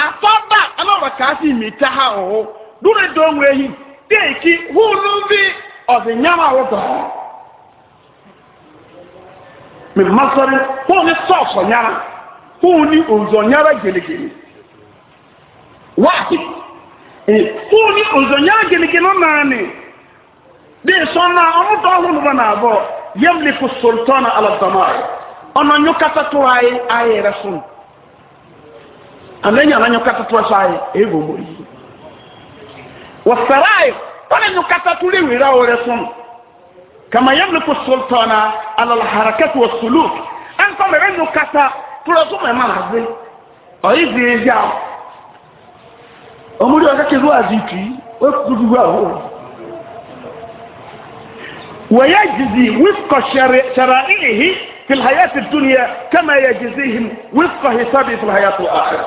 afaba anọba kaasị mmita ha ọhụ dure donwe ehi deeki hụrụ ndị ọdị nyama awụdọ mmasịrị hụ ni sọọsọ nyara hụ ni nyara gelegele waati nyara gelegele dị sọ na ọnụdọ ọhụrụ ba na-abụọ yamliku tụrụ anyị amenya ananyokata twasaye ego muri wasarayo wananyokata tuliwira ole somo kama yamliku sultana ala alharakati wassuluk anko meranyokata tulasoma emanaze oyiziija omuli wakakezwaziti wekukuzibwaho ويجزي وفق شرائعه في الحياة الدنيا كما يجزيهم وفق حسابه في الحياة الآخرة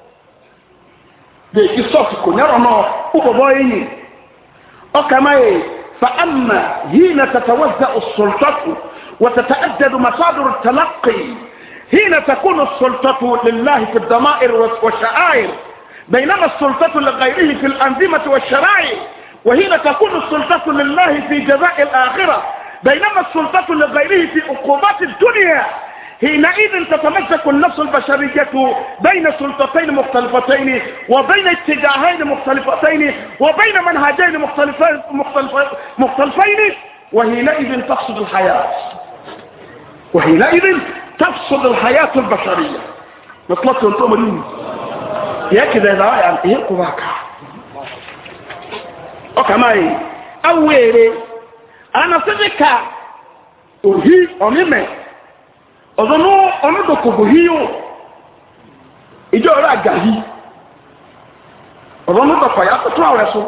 de kisɔsi ko nyɔrɔ nɔ ubɔbɔ yi ni ɔkama ye fa ama hiina tatawaza osoltɔtu watata adadu masaduru talaqi hiina takunu soltɔtu lillahi fi damair wa sha'air بينما السلطة لغيره في الأنظمة والشرائع وهنا تكون السلطة لله في جزاء الآخرة بينما السلطة لغيره في عقوبات الدنيا حينئذ تتمسك النفس البشرية بين سلطتين مختلفتين وبين اتجاهين مختلفتين وبين منهجين مختلفين, مختلفين وحينئذ تفسد الحياة وحينئذ تفسد الحياة البشرية نطلقت انتم ليه يا كده يا ده عن ايه قواك وكمان اويري انا صدقا اوهي اومي ọ̀zọ́ ní ọ̀nàdọ̀kọ̀gọ̀ híyó ìjọ rẹ̀ àgàhí ọ̀zọ́ ní dọ̀kọ̀ yà tó àwẹ̀ so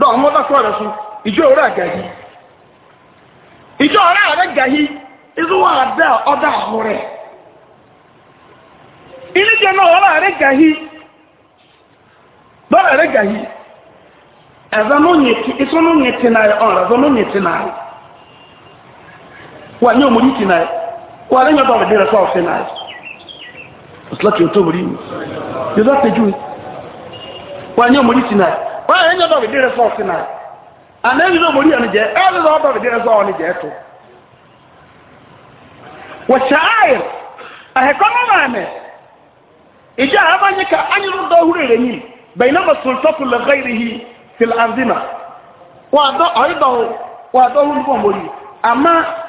dọ̀ọ̀ mọ́ dọ̀kọ̀ rẹ̀ so ìjọ rẹ̀ àgàhí ìjọ rẹ̀ àrẹ̀ gàhí ìzúwọ̀ àdá ọ̀dá àhúrẹ̀ ìníjẹ náà ọ̀rọ̀ àrẹ̀ gàhí dọ̀rọ̀ àrẹ̀ gàhí ẹ̀zọ́ ní wọ́n lẹ́yìn ọdọ́ ọ̀dẹ́ rẹ̀ sọ́ọ̀fẹ́ náà ọ̀sọ́lọ́tì ọ̀tọ́ òmùrí mi yóò lọ́ tẹ́jú wọ́n ní òmùrí sí náà wọ́n lẹ́yìn ọdọ́ ọ̀dẹ́ rẹ̀ sọ́ọ̀fẹ́ náà àná ẹ̀yìn òmùrí jẹ́ ẹ̀ lọ́dọ̀ ọdọ́ ọ̀dẹ́ ọ̀nì jẹ́ ẹ̀tọ́ wọ́n a àhẹ́kọ́ náà mẹ́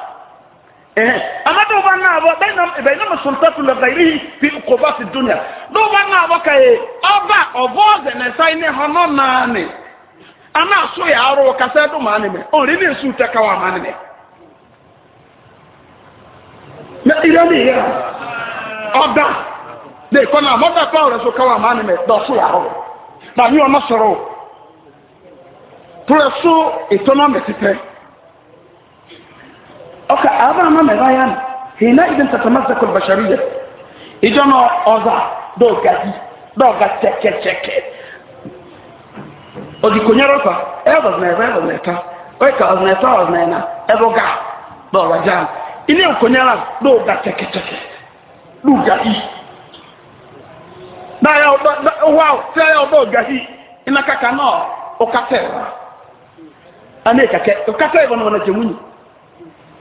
Eh. amadu ba naa bɔ bɛyi na musulmatu la bɛyi fi koba fi dunya dɔw ba naa bɔ ka ye ọba ɔbɔ zɛnɛsa ne hɔnɔ naani naanị so yɛ aro kasa do maa ni mɛ ɔri ne su tɛ kawa maa ni mɛ mɛ ira ne yɛ ɔda de kɔnɔ mɔta pa ɔrɛ so kawa maa ni mɛ dɔ so yɛ aro na mi ɔno sɔrɔ o tɔrɔ so ìtɔnɔ mɛ na ọkà àbáramá mẹ́rọ ayá nù hìnà ìdí ntàtàmásẹ́kù bàṣàríyẹ ìjọ náà ọ̀zà dọ̀ọ̀gà yìí dọ̀ọ̀gà tẹ̀kẹ̀tẹ̀kẹ̀ òdìkònyẹrọ fà ẹ̀rọ mẹ́rọ ẹ̀rọ mẹ́ta ọ̀ẹ́kà ọ̀zọ̀ mẹ́ta ọ̀zọ̀ mẹ́na ẹ̀rọ gà dọ̀ọ̀rọ̀ já ilé òkònyẹrọ dọ̀ọ̀gà tẹ̀kẹ̀tẹ̀kẹ̀ dọ̀ọ̀gà yìí dáyà ọ̀dọ̀ọ̀gà yìí ìnà kàkà na ọ̀kàtẹ̀ ẹ̀rọ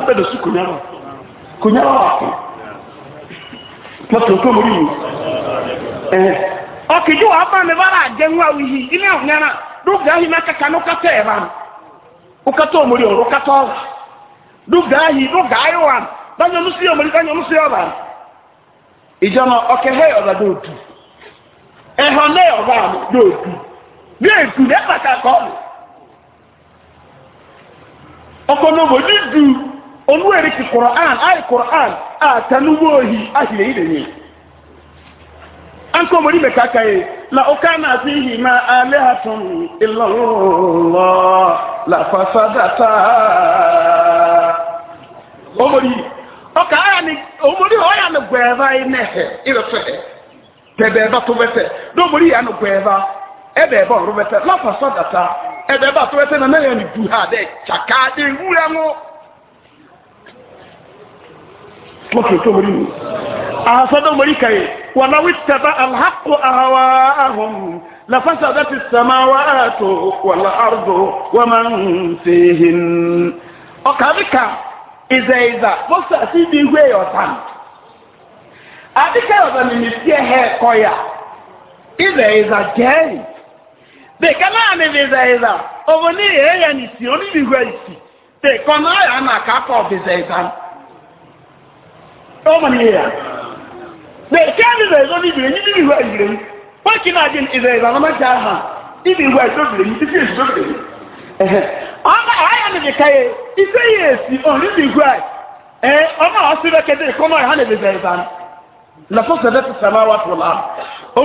ọ̀pẹ̀dọ̀ sí kònyàrọ̀ kònyàrọ̀ àpò lọ́tọ̀ tó mọ̀rí eh ọkìjú wa bá mi bára àjẹun àwọn yìí ilé àwọn yàrá dúkìá yìí náà kàkà ní kàtà ẹ̀ bá kàtà òmòrí ọ̀rọ̀ kàtà ọ̀rọ̀ dúkìá yìí dúkìá yìí wà dájọ́ ní sí òmòrí dájọ́ ní sí ọ̀rọ̀ ìjọ náà ọkẹ hẹ́ ọ̀rọ̀ dé onwere ki qur'an ay qur'an a ohi ahire ire ni an ko mori be kaka ye la okana fihi ma alihatun illa allah la fasadata omori ka aya ni omori oya no gweva inehe ire fe tebe ba to bete do omori ya no gweva ebe ba ru bete la fasadata ebe ba to bete na na ya ni du ha de chaka de wura ngo lọ́kì tó mọ̀rí mi àhásọ́dọ̀ mọ̀rí kàyé wà náà wí tẹ̀bá alhàkó àhàwà ahùn lafasada ti sàmà àtò wàlà àrùdò wà máa ń ṣe hin. ọkà àdìkà ìzà bọ́sà sí ibi ìwé ọ̀tàn ọ̀tàn ni mi fi ẹ̀hẹ́ ya ìzà ìzà jẹ́rìí bẹ́ẹ̀ kẹ́lá ìzà òun ní ìsì náà yà á nà kákọ̀ ọmọ nìyẹn yà bẹẹ kí á nìyẹn ẹ̀zọ́ níbi rẹ̀ níbi ìwé ìgbìrẹ̀ yìí wọ́n kì náà dín ìrẹ̀ ìlànà mẹ́ta hàn níbi ìwé ẹ̀zọ́ ìgbìrẹ̀ yìí títí èsì ìgbìrẹ̀ yìí ọmọ àyà nìyẹn káyé iṣẹ́ yìí èsì ọ̀ níbi ìwé ẹ̀ ọmọ ọ̀sìn bẹ́ẹ̀ kẹ́tẹ́ ìkọ́mọ́ ẹ̀ hàn níbi ìwé ìlànà lafasa da ta sama wa tola o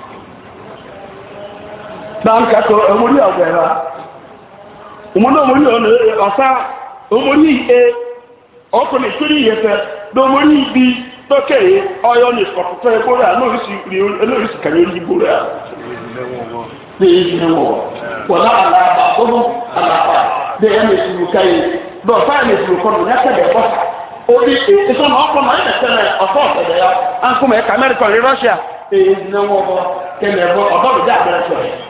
dáńkà eh, eh, tó ẹmórí ọ̀gbẹ̀ra òmúdó òmórí ọ̀nà ọ̀sá òmórí ìhe ọkùnrin ìpínlẹ̀ ìyẹ̀fẹ́ lómórí ibi tókè ọyọ́ ní ọ̀pọ̀pọ̀ ẹgbóra lóríṣì kàrí orí gbóra ní ìlú wọ̀ wọ̀lá àlàbà gbogbo àlàbà dé ẹni ìṣòro káyé lọ́ọ̀fà ẹni ìṣòro kọ́nù ní akẹ́bẹ̀ẹ́ bọ́sà orí eh, ìṣọ́nà ọkọ̀ náà ẹ̀ tẹ́lẹ̀ ọ̀fọ́ ọ̀tẹ̀lẹ̀ ya ankúmọ̀ ẹ̀ka amẹ́ríkà ní rọ́ṣíà èyí ní wọ́n bọ́ kẹ́lẹ̀ bọ́ ọ̀dọ́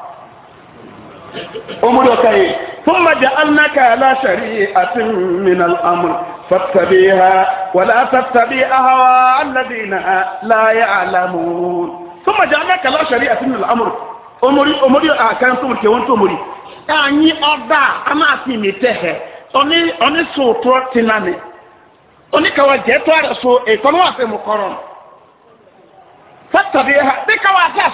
أمرك ثم جعلناك على شريعة من الأمر فاتبعها ولا تتبع أهواء الذين لا يعلمون ثم جعلناك على شريعة من الأمر أمري أمري أكان ثم كون أمري أني أدا أما أسمي تهه أني أني سوتو تنامي أني كواجهتو أرسو إيكونوا في مقرن فاتبعها دي كواجهة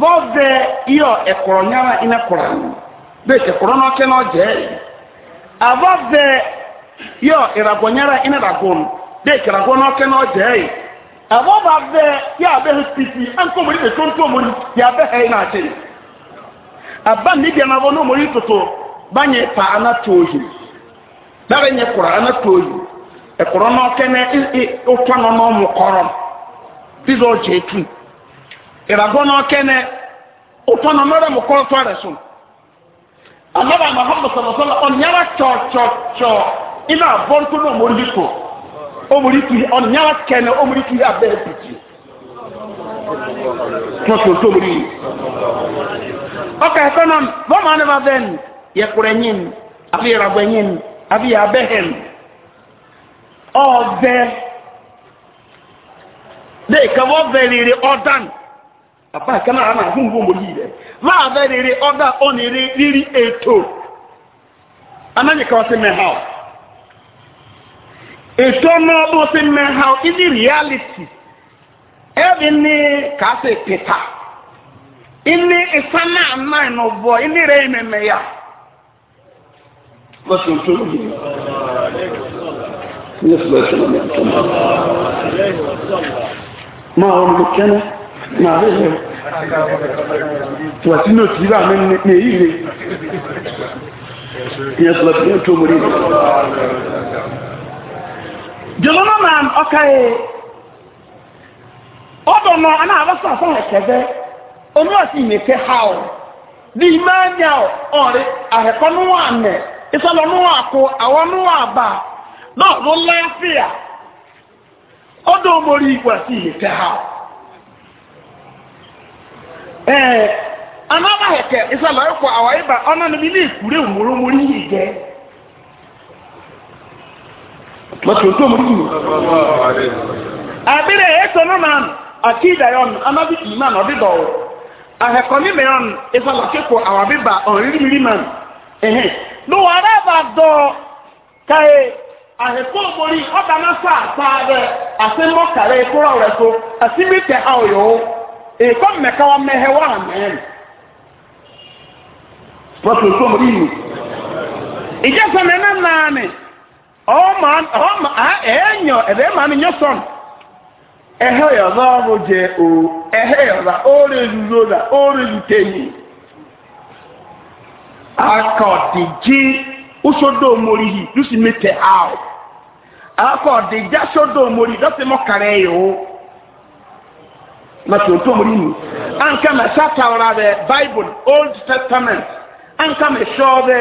vɔvɛ yɔ ɛkɔrɔ nyama ina kɔra bɛ ɛkɔrɔ n'ɔkɛ n'ɔjɛ avɔvɛ yɔ ìragɔ nyara ina ragon bɛ ìrago n'ɔkɛ n'ɔjɛ avɔvɛ yɔ abɛ hɛ ankomori bɛ tontomori yɔ abɛ hɛ ati aba níbi anabɔ n'omori toto banyɛ pa ana nyɛ kɔra ana ɛkɔrɔ n'ɔkɛ n'ɛ ɛ ɛ bizɔ ìràgọ́nà ọ̀kẹ́nẹ́ òfòànà mẹ́rẹ̀ mú kọ́ tó rẹ̀ sùn. àmọ́bà mahamud sọ̀rọ̀sọ́lá ọ̀nìyàrá tsọ̀tsọ̀tsọ̀ iná bọ́ńtò náà mórí kò ọmọdé tu ọ̀nìyàrá kẹ́nẹ́ ọmọdé tu abẹ́ bìtì. tọ́sọ̀ tó ọ dan. àbá ìkànnà àwọn àhún gbòmò yìí rẹ̀ máa bẹ́ rere ọ́dà ọ́nìrí rírí ètò anáyíká ọsẹ mẹ́hà ètò náà bó ṣe mẹ́hà ìdí rìálítì ẹ̀rí ní kàásì pìtà ìní ìsáná àmáì nà ìní rẹ̀ ìmẹ̀mẹ̀ yá na ahịhịa tụwasị n'otu ibe amị na ihe tụwasị n'otu omori jọlọmọ na ọkaghị ọdọ nọ a na-abasa afọ hekebe onye ọsị meke ha ọ dị ime anya ọrị ahekọ n'ụwa anị ịsọlọ n'ụwa akụ awọ n'ụwa aba ha ọ ɛɛ anaba hɛkɛ isala ɛkɔ awa iba ɔnani bi n'ekure wumoro mori yi gɛ lọtò tó mo dùn. abirẹ ètò nínú akida yọ nù anabi iman ọdí dọwọ ahẹkọni mìíràn isala kéko awa bíbà ọ̀rẹ́rì mìíràn ẹ̀hìn ló wà rẹ̀ bá dọ̀ káyé àhẹkọ mori ọ̀dà náà sọ àtàrẹ àti mọ́kàrẹ́ kúrọ̀ rẹ̀ tó àti mìtẹ̀ àwòyọ̀ èkó mmẹka wa mẹhẹ wa mẹhẹ wọ́n tó tó mo yìí ìjẹsọ nínú nàánì ọmọ ọmọ ẹ̀ẹ́nyọ ẹ̀dẹ́ màá mi nyọ sọ̀n ẹ̀hẹ́ yọ̀dọ̀ ọ̀rọ̀ jẹ o ẹ̀hẹ́ yọ̀dọ̀ ọ̀rọ̀ èzùzọ̀ dà ọ̀rọ̀ èzùtẹ̀yìn akọ̀dìjì ọ̀sọ̀dọ̀ mori yìí lùsìmẹ̀tẹ̀ àwọ̀ akọ̀dìjà yìí o. na tonto mu rimu anka me sa tawra be bible old testament anka me sho be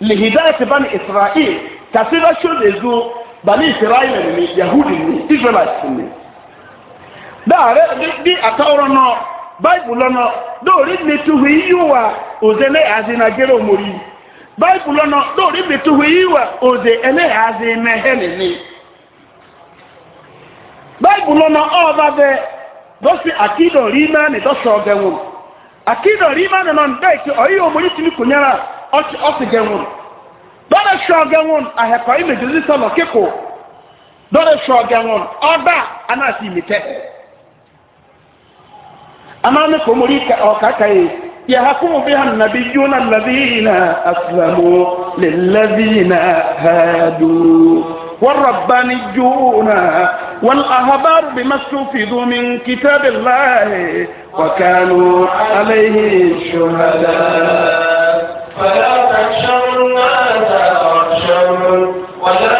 lihidayat bani israel Kasi tafsira sho de zu bani israel ni yahudi ni israelite ni dare bi atawra no bible no do ri ni tu wi yuwa oze ne azina gero mori bible no do ri ni tu wi yuwa oze ene azina he ni bible no over there dosi akido rimani dosi ogenwuru akido rimani non deki oyi omoni tini kunyara osi osi genwuru ime sọlọ ọba anasi imite ama mi ko mori ka ọka ha يحكم بها النبيون الذين أسلموا للذين هادوا والربانيون والأهبار بما استفيدوا من كتاب الله وكانوا عليه شهداء فلا تخشوا الناس واخشوا ولا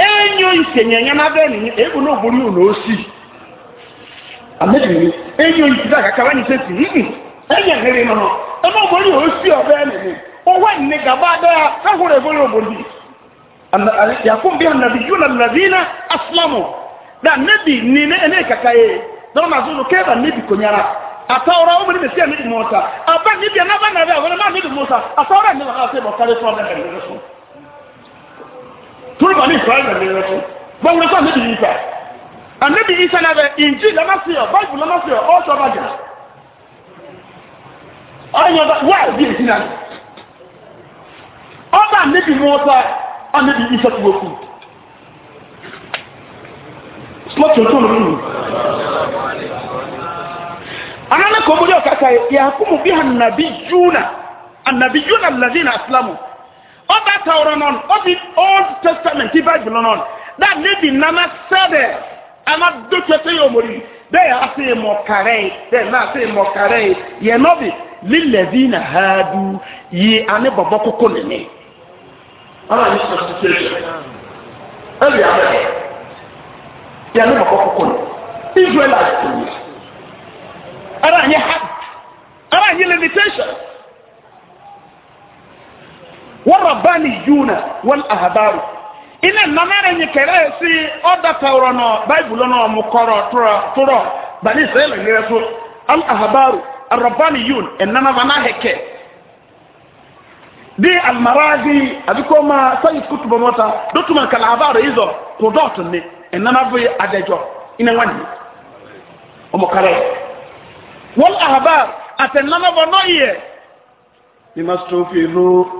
enyo isenye nya na bẹ́ẹ̀ na èébù náà borí òun osi. sì àmẹ́jìnrin enyo ni àkàkàrà ní sẹ́sì yìí ẹ̀yẹ̀ hẹ̀rẹ̀ nọ ẹ̀mọ́ borí na sí ọ̀bẹ́ nìyí owó ẹ̀nì gàbá dáa káhùrẹ̀ ìbọ̀lẹ̀ òbòdì yàkùn bí ànàbì na nàbì na asilamu dà nẹ́bì ní ẹ̀nẹ́ kàkà yẹ dọ́nà àzọ́nù kẹ́ẹ̀bà nẹ́bì turu bani israel na mmiri so gbɔnwere sɛ anabi isa anabi isa na bɛ inji lama si baibu lama si yɔ ba gyina ɔyɔ ba wa ebi esi na ɔba anabi musa anabi isa tuwo ku smɔ tuntum nu anana kɔmɔdi ɔkaka yɛ yakumu biha nabi juna anabi juna lazina ọba tawọrọ nọ ọbi old testament ti bible nọ that lady nana sẹbẹ ama dọkítọ sẹ yẹ ọmọdé bẹẹ yà ase yẹ mọkàrẹ bẹẹ náà ase yẹ mọkàrẹ yẹ nọbi lílẹbi na ha du yi ane bọbọ kókó nìní. ọ̀nà yìí sọ sí kéèké ẹ̀rí abẹ́ yẹ ani bọbọ kókó nìní israelite Ara yìí hajj Ara yìí limitation warabbaniyuna wal ahbaru ina namara nyi kere si oda tawro no bible no mu koro turo turo bani sele ngire so al ahbaru arabbaniyun enana vana heke di al maradi abikoma sayyid kutubu mota dotuma kala ahbaru hizo kudotu ni enana bi adejo ina wani omo kare wal ahbar atenana vano ye ni mastofiru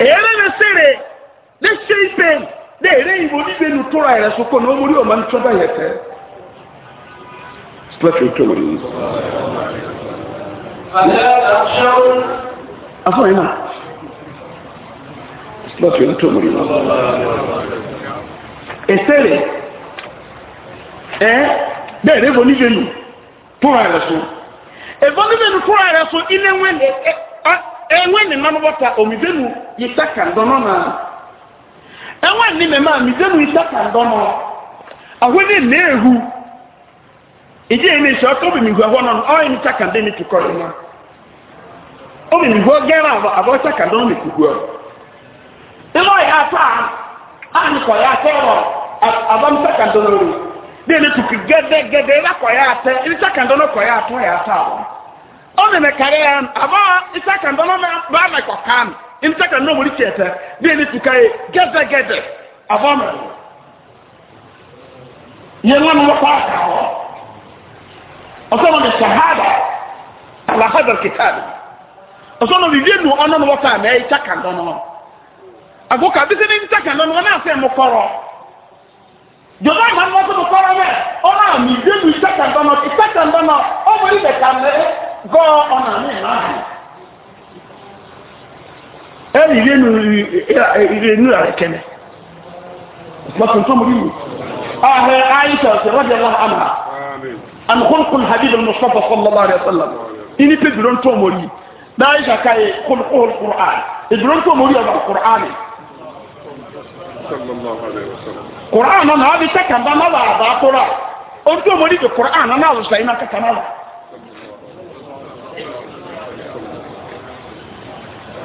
èrè bẹ sèrè lè ṣe ìpè lè èrè ìwò níbi ẹnu tó ra ẹ̀rẹ́ sọ́kọ́ ní wọ́n mórí ọ̀ma ní tọ́ba yẹ tẹ́. Splash ojú ọ̀rọ̀ yìí. Afọ yìí náà. Splash ojú ọ̀rọ̀ yìí náà. Èsèrè ẹ bẹ́ẹ̀ èrè ìwò níbi ẹnu tó ra ẹ̀rẹ́ sọ. Èvọ́ níbi ẹnu tó ra ẹ̀rẹ́ sọ ilé wẹ́lẹ̀ ẹ̀. enwe ni nanu bata omidenu yitaka ndono na enwe o na o bi mihwa gera abo abo taka ndono ni kuhwa ilo ya a ani ko ya tero abam taka ndono ni deni tukigede gede ra ko ya ta ni taka ndono ko ya ya ɔne ne ya aba isaka e, na ba na kɔ kan isaka ndɔnɔ mo ni tiɛ tɛ bia ne tuka aka gɛdɛ gɛdɛ aba na ye ŋa mo kɔ aka hɔ ɔsɔnɔ ne shahada ala hadar kitabi ɔsɔnɔ bibie nu ɔnɔ no wɔfa na ɛyɛ isaka ndɔnɔ ako ka bi se ne isaka ndɔnɔ wɔn afɛ mo kɔrɔ jọba ìmọ̀ ní wọ́n tó mo kọ́ra mẹ́ ọ́nà àmì ìdélu ìsẹ́kàndọ́nà ìsẹ́kàndọ́nà ọmọ ìbẹ̀ka mẹ́rẹ́ gọ́ọ̀ ọ̀nà ní ìlànà ẹ̀rì ìrẹ́nu àrẹ̀kẹ́mẹ́ lọ́kùn tó mú rí ààrẹ àìsà ọ̀sẹ̀ rọ́jẹ̀ lọ́wọ́ àmà àmìkùnkùn habib al-mustapha sallallahu alaihi wasallam ini pe duro to mori da aisha kai kul qul qur'an duro to mori ya qur'an sallallahu alaihi wasallam qur'an na habi takan ba ma ba ba qur'an on to mori ke qur'an na na so sai na takan na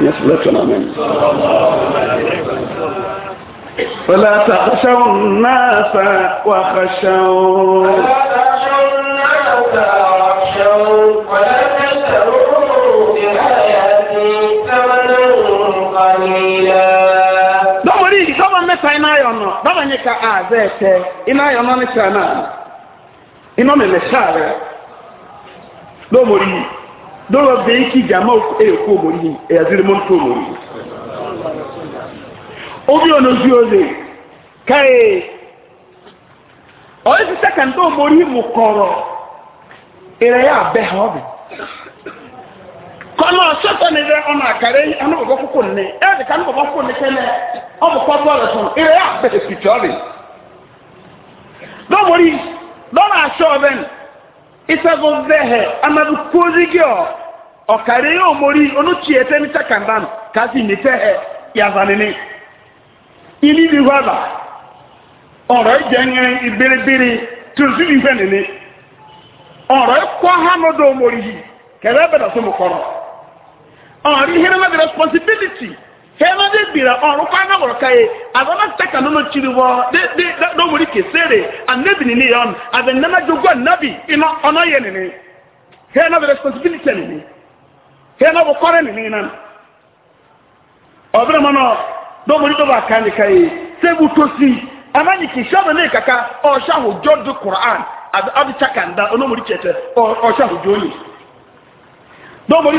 يصلح لنا منه فلا تخشوا الناس وخشوا ولا تشتروا بآياتي ثمنا قليلا mẹ́ta iná ayọ̀ nọ bàbá yẹn ka a bẹ́ẹ̀ tẹ iná ayọ̀ nọ ní sànà iná mẹ́mẹ́ sàrẹ̀ lọ́mọ yìí. dɔwɔ bɛyi ki jama eye ko omori eyaziri e mo nto omori obi ono zi oze kae ɔyɛ sisɛ kanta omori mu kɔrɔ ere ya kɔnɔ ne dɛ akara yi bɔbɔ ka ne bɔbɔ koko ne kɛnɛ sɔn ere ya abɛ fitɔ de dɔwɔri dɔwɔ asɔ isago vehe amabikozigyo okariyo omori onuchiete nitakambano kazi nitehe yazanini ilibihwaba ọ̀rọ̀ ìjẹ̀yẹ ìbiribiri tùsí ìfẹ́ nìní ọ̀rọ̀ ẹ̀kọ́ hánúdọ̀ omori yìí kẹ̀rẹ́ bẹ̀rẹ̀ sọ́mọ̀kọ́rọ̀ ọ̀rọ̀ ìhẹ́rẹ́mẹ́bẹ̀ responsibility hema de bira ɔrò kó ana ọrụkwa ka yi e, abana taka nono kyiri wɔ de de dɔwɔri kesere anabi nini yɛ ɔno abɛ nana jogo anabi ina ɔno yɛ nini hena bɛ responsibility nini hena kɔrɛ ɔbɛrɛ mɔnɔ dɔwɔri ka e, sebu tosi ama nyi kaka ɔhyɛ koran taka nda ɔnɔmɔri ɔhyɛ dɔwɔri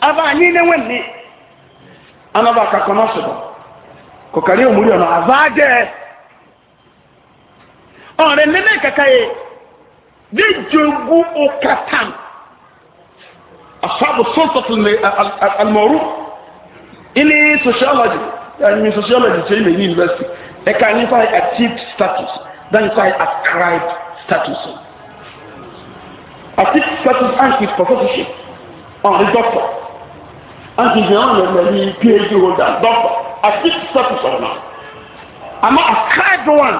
abanyi ne wenne ana ba ka kono so ko kare omuri ona azaje ore nene kakaye bi jogu okatan ashabu sultat al mawruf ili sociology yani sociology sai ne university e kan yi sai achieved status then sai ascribed status achieved status and with professorship ọ̀rẹ́ dọ́kítọ̀ àtijọ́ ọ̀rẹ́ mẹ́rin phd holder dọ́kítọ̀ àti sẹ́kù sọ̀rọ̀ náà àmọ́ àkáàdù wọn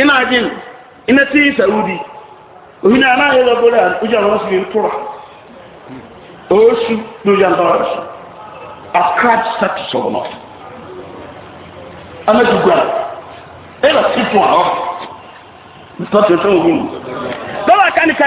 iná adin iná tí sàwùdí òhun àná yẹ lọ bọ́lá ojú àwọn sì ń tóra oṣù lójú àwọn ọ̀rẹ́ sọ àkáàdù sẹ́kù sọ̀rọ̀ náà amẹ́tùgbà ẹ̀ lọ sí fún àwọn. Tọ́tù tó ń wù. Bọ́lá kánikà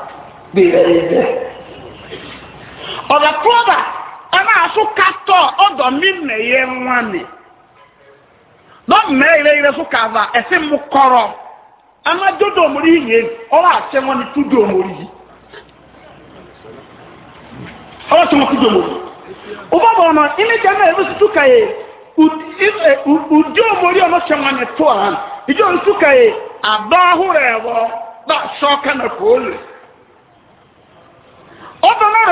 bèrè ọ̀rọ̀ ọ ẹ máa sún kátọ̀ ọ̀dọ̀ mi mẹ̀yẹ wọn ni lọ́mọ̀ ẹ̀rẹ́ ẹ̀rẹ́ sún kàvà ẹ̀sìn mú kọ́rọ̀ ẹ máa ihe mórí yìí ọ̀rọ̀ àṣẹ wọn ni túdò mórí yìí ọ̀rọ̀ tí wọ́n túdò mórí ọba bọ̀ ọ̀nà ebe jẹ́ náà ẹ̀rọ ụdị kàyé ọ òmórí ọ̀nà ṣẹ wọn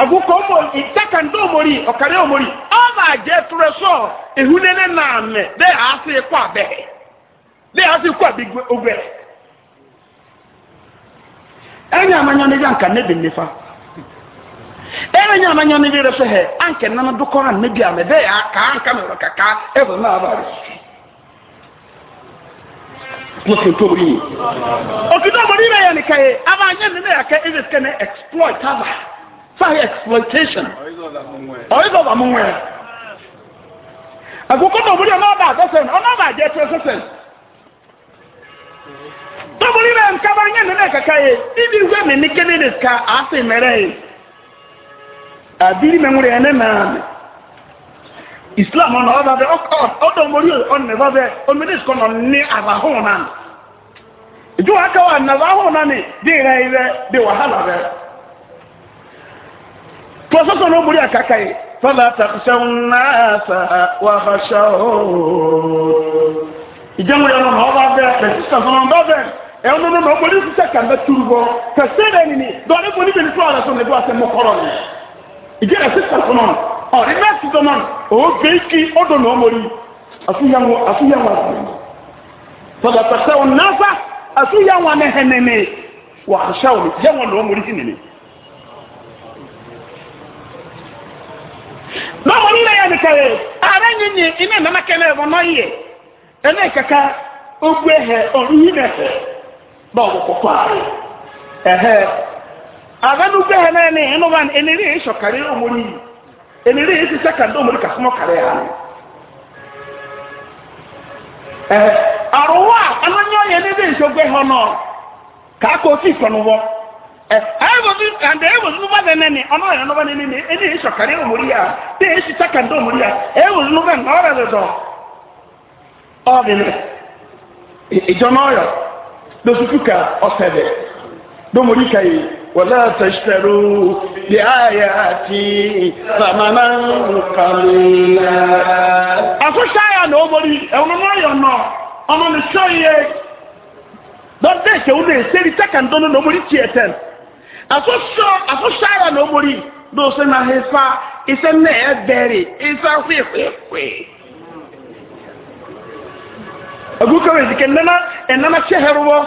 agogo omori itaka ndị omori ọkara omori ọ na-aja etere sọ ehunene na ame dị asị kwa abeghe dị asị kwa abeghe ogwere enyi amanya n'ebe nka nebi nnifa enyi amanya ndị refe ha anke nana dụkọrọ nnebi ame dị ya ka anka mere ka ka ebe na abalị Nwoke nke omori yi. Okide ya aba anya nne ya ka ebe sike na exploit aba. sahi exploitation ọ̀yẹ́dọ̀ bàmú wẹ̀. àkókò tó múlẹ̀ náà bá àtọ́sẹ̀ ọ̀nà bá jẹ́ tó sẹ̀sẹ̀. tó múlẹ̀ náà nǹkan bá yẹn nílẹ̀ yẹ ibi ìwé mi ní kéde ká a sì mẹ́rẹ̀ yìí. àbírí mẹ́wúrẹ́ ní islam ọ̀nà na bẹ ọdọ ọ̀nà ẹ̀fọ́ bẹ ní àbáhùn náà ìjọba nàbáhùn náà ni bí ìrẹ́ bí wàhálà bẹ́ẹ̀. tọ́sọ́sọ́ ló múrí àkàkà yìí fọ́lá tàkùsẹ́wọ́n náà sà wà bàṣà ooo ìjẹ́wọ̀n yẹn lọ́nà ọba bẹ́ẹ̀ pẹ̀sí sọ̀sọ́nà ọba bẹ́ẹ̀ ẹ̀ ọ́nà ọ̀nà ọ̀gbọ́n yìí sísẹ́ kàmbẹ́ turu bọ́ kẹsẹ́ rẹ̀ nìní dọ́ọ̀dẹ́ bọ́ níbi nípa ọ̀rẹ́ sọ̀nà ẹ̀dọ́ àti mọ́kọ́rọ̀ ni ìjẹ́ rẹ̀ sí sọ̀sọ́nà ọ̀rẹ́ náà sí sọ̀nà òwò bẹ́ẹ̀kì ọ̀dọ̀ nà ọmọrí àfihàn àfihàn lọ́wọ́ nílẹ̀ yẹn nìkan rẹ̀ ààrẹ yìí ni iná ìnáná kẹ́lẹ́ ẹ̀fọ́ náà yẹ ẹ̀nà ìkàkà ogun ẹ̀hẹ̀ ọ̀run yìí nà kọ̀kọ́ ààrẹ ẹ̀hẹ̀ ààrẹ ló gbé ẹ̀hẹ̀ náà ní ẹnu wa ẹni rí èso kàrí ọmọlì yìí ẹni rí kàfọ́mọ́ kàrí ààrẹ and e was nuba ne nene ɔno ɔyɛ nuba ne nene ɛne esu ɔkari omori a ne esu takanda omori a e was nuba na ɔrɛ de dɔ ɔdi ne ìjọ náà yọ lọsùkú ka ɔsɛbɛ lọmọdé ka yi wọlé àtẹsítẹrù di àyà àti sàmánà nkàlùlà. àfọṣà yà ni omori ẹwọn náà yọ nọ ọmọ mi sọ yẹ lọdẹ ìṣẹwọn náà èsèrè takanda omori tiẹ tẹn. afọ́sára na omori lóòsẹ́ na ìfà ìfẹ́ náà ẹ bẹ̀rẹ̀ ìfà hwèhwèhwè agúkọ̀rọ̀ ìdíkẹ̀ nana ẹ̀nana ṣẹ́hẹ̀rọ̀wọ́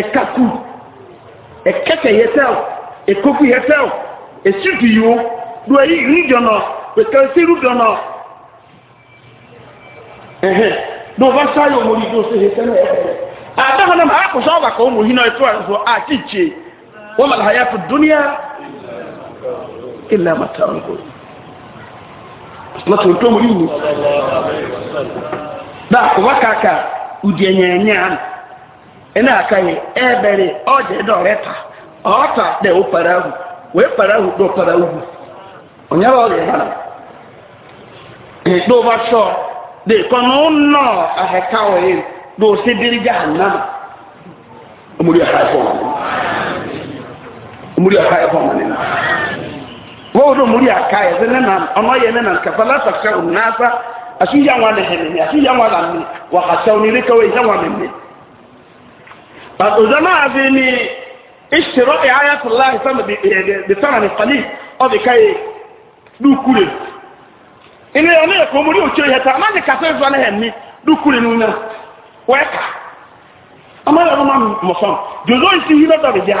ẹ̀kakú ẹ̀kẹ́kẹ̀ yẹtẹ́l ẹ̀kókù yẹtẹ́l ẹ̀sìtì yìí ó lọ yí na pẹ̀kẹ́sí rúdọ̀nà ẹ̀hẹ̀ lọ́wọ́ sára ụmụ hi na wọ́n mọ̀ láyà fún dúníà ilẹ̀ àmàtà ọ̀gọ́ lọ́tọ̀ tó mú yìí dá ọwọ́ kàkà ùdí ẹ̀yẹ̀nyẹ̀ àná ẹ̀nà àkàyè ẹ̀ẹ́bẹ̀rẹ̀ ọ̀jẹ̀ dọ̀rẹ́ ta ọ̀ọ́ta dẹ̀ ó para ahù wèé para ahù dọ̀ para ahù ọ̀nyẹ́rọ̀ ọ̀rẹ́ hàn èdè ọba dè kọ́nà ó nọ àhẹ́ká wọ̀nyẹ́ dò sí ọmọdé àhàkọ́ muri aka yɛ bɔn nina wɔwɔ do muri aka yɛ de nena ɔno yɛ nena kafala sasɛ o nasa asu yan wa lehe ne asu yan wa lami wa kasɛw ni rekaw yan wa mɛmɛ ba o zama e a bɛ e, e, ni isiro e aya sɔrɔla sama bi ɛ bi sama ni fali ɔ ka ye du kule ina yɛ ɔno yɛ ko muri o tse yɛ ta ama ni kasɛ zɔn ne yɛ ni du kule nuna na wɛ ka ama yɛ ɔno ma mɔsɔn jozo yi si hinɛ dɔ bi di a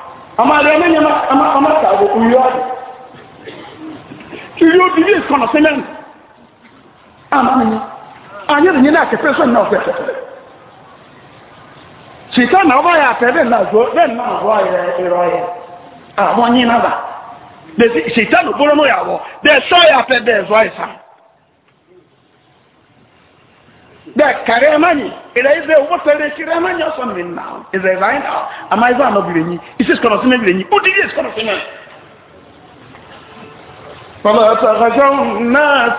ọmọ rẹ mẹ́rin ọmọ àtàwọ̀ orí ọdún ìrí òbí ní ìkọ̀nà sí mẹ́rin Anyị anyẹ́rì yìí náà kẹfẹ́ sọ́nà ọ̀fẹ́ ṣìkà ọba ya àtẹ́ bẹ́ẹ̀ náà zọ́ bẹ́ẹ̀ náà zọ́ ìrọ̀ yẹ àwọn yìí náà bà ṣìkà ya bọ́rọ̀ mọ́ sọ ya bẹ́ẹ̀ sọ́ yà da kare mani ila ize wata re kire mani oso min na ize vain ama ize ano bire ni isi skono sime bire ni udi ye skono sime فلا تخشوا الناس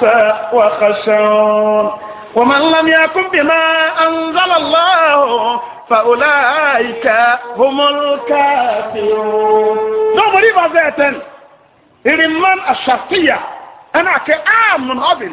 وخشون ومن لم يكن بما انزل الله فاولئك هم الكافرون لو مريبا ذاتا الرمان الشرقيه انا كامن هابل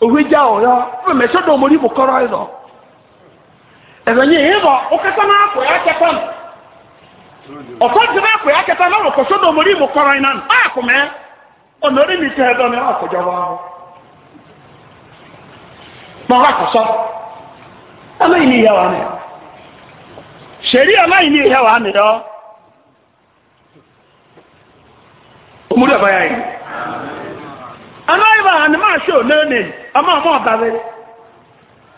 owe gya wɔ ya ɛfɛ mɛ sɛ dɔm onibu kɔrɔ yi na ya kɛta mu na ya na ɔkɔ sɛ dɔm onibu kɔrɔ yi nan baako mɛ ɔna ɔde mi tɛ na ni ya wani sari anayi ya abaya anyị. anaghị m aha na maasị onene ama ama ọdabere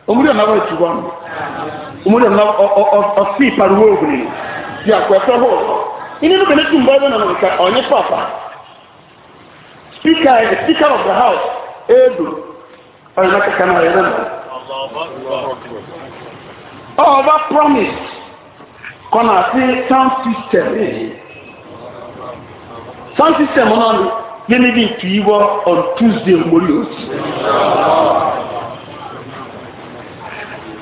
omuri ọnaba etigbo ọnụ omuri ọnaba ọsị ịparuwe ogwere dị akwa ẹsẹ hụ ịnị na mene tum bọọlụ nọ nke onye papa spika spika of the house edo ọyọ n'akụkụ na ọyọ n'ụlọ ọba promise kọ na asị sound system eh? sound system nọ nụ yẹni di tu yi wɔ on tuesday mori o si.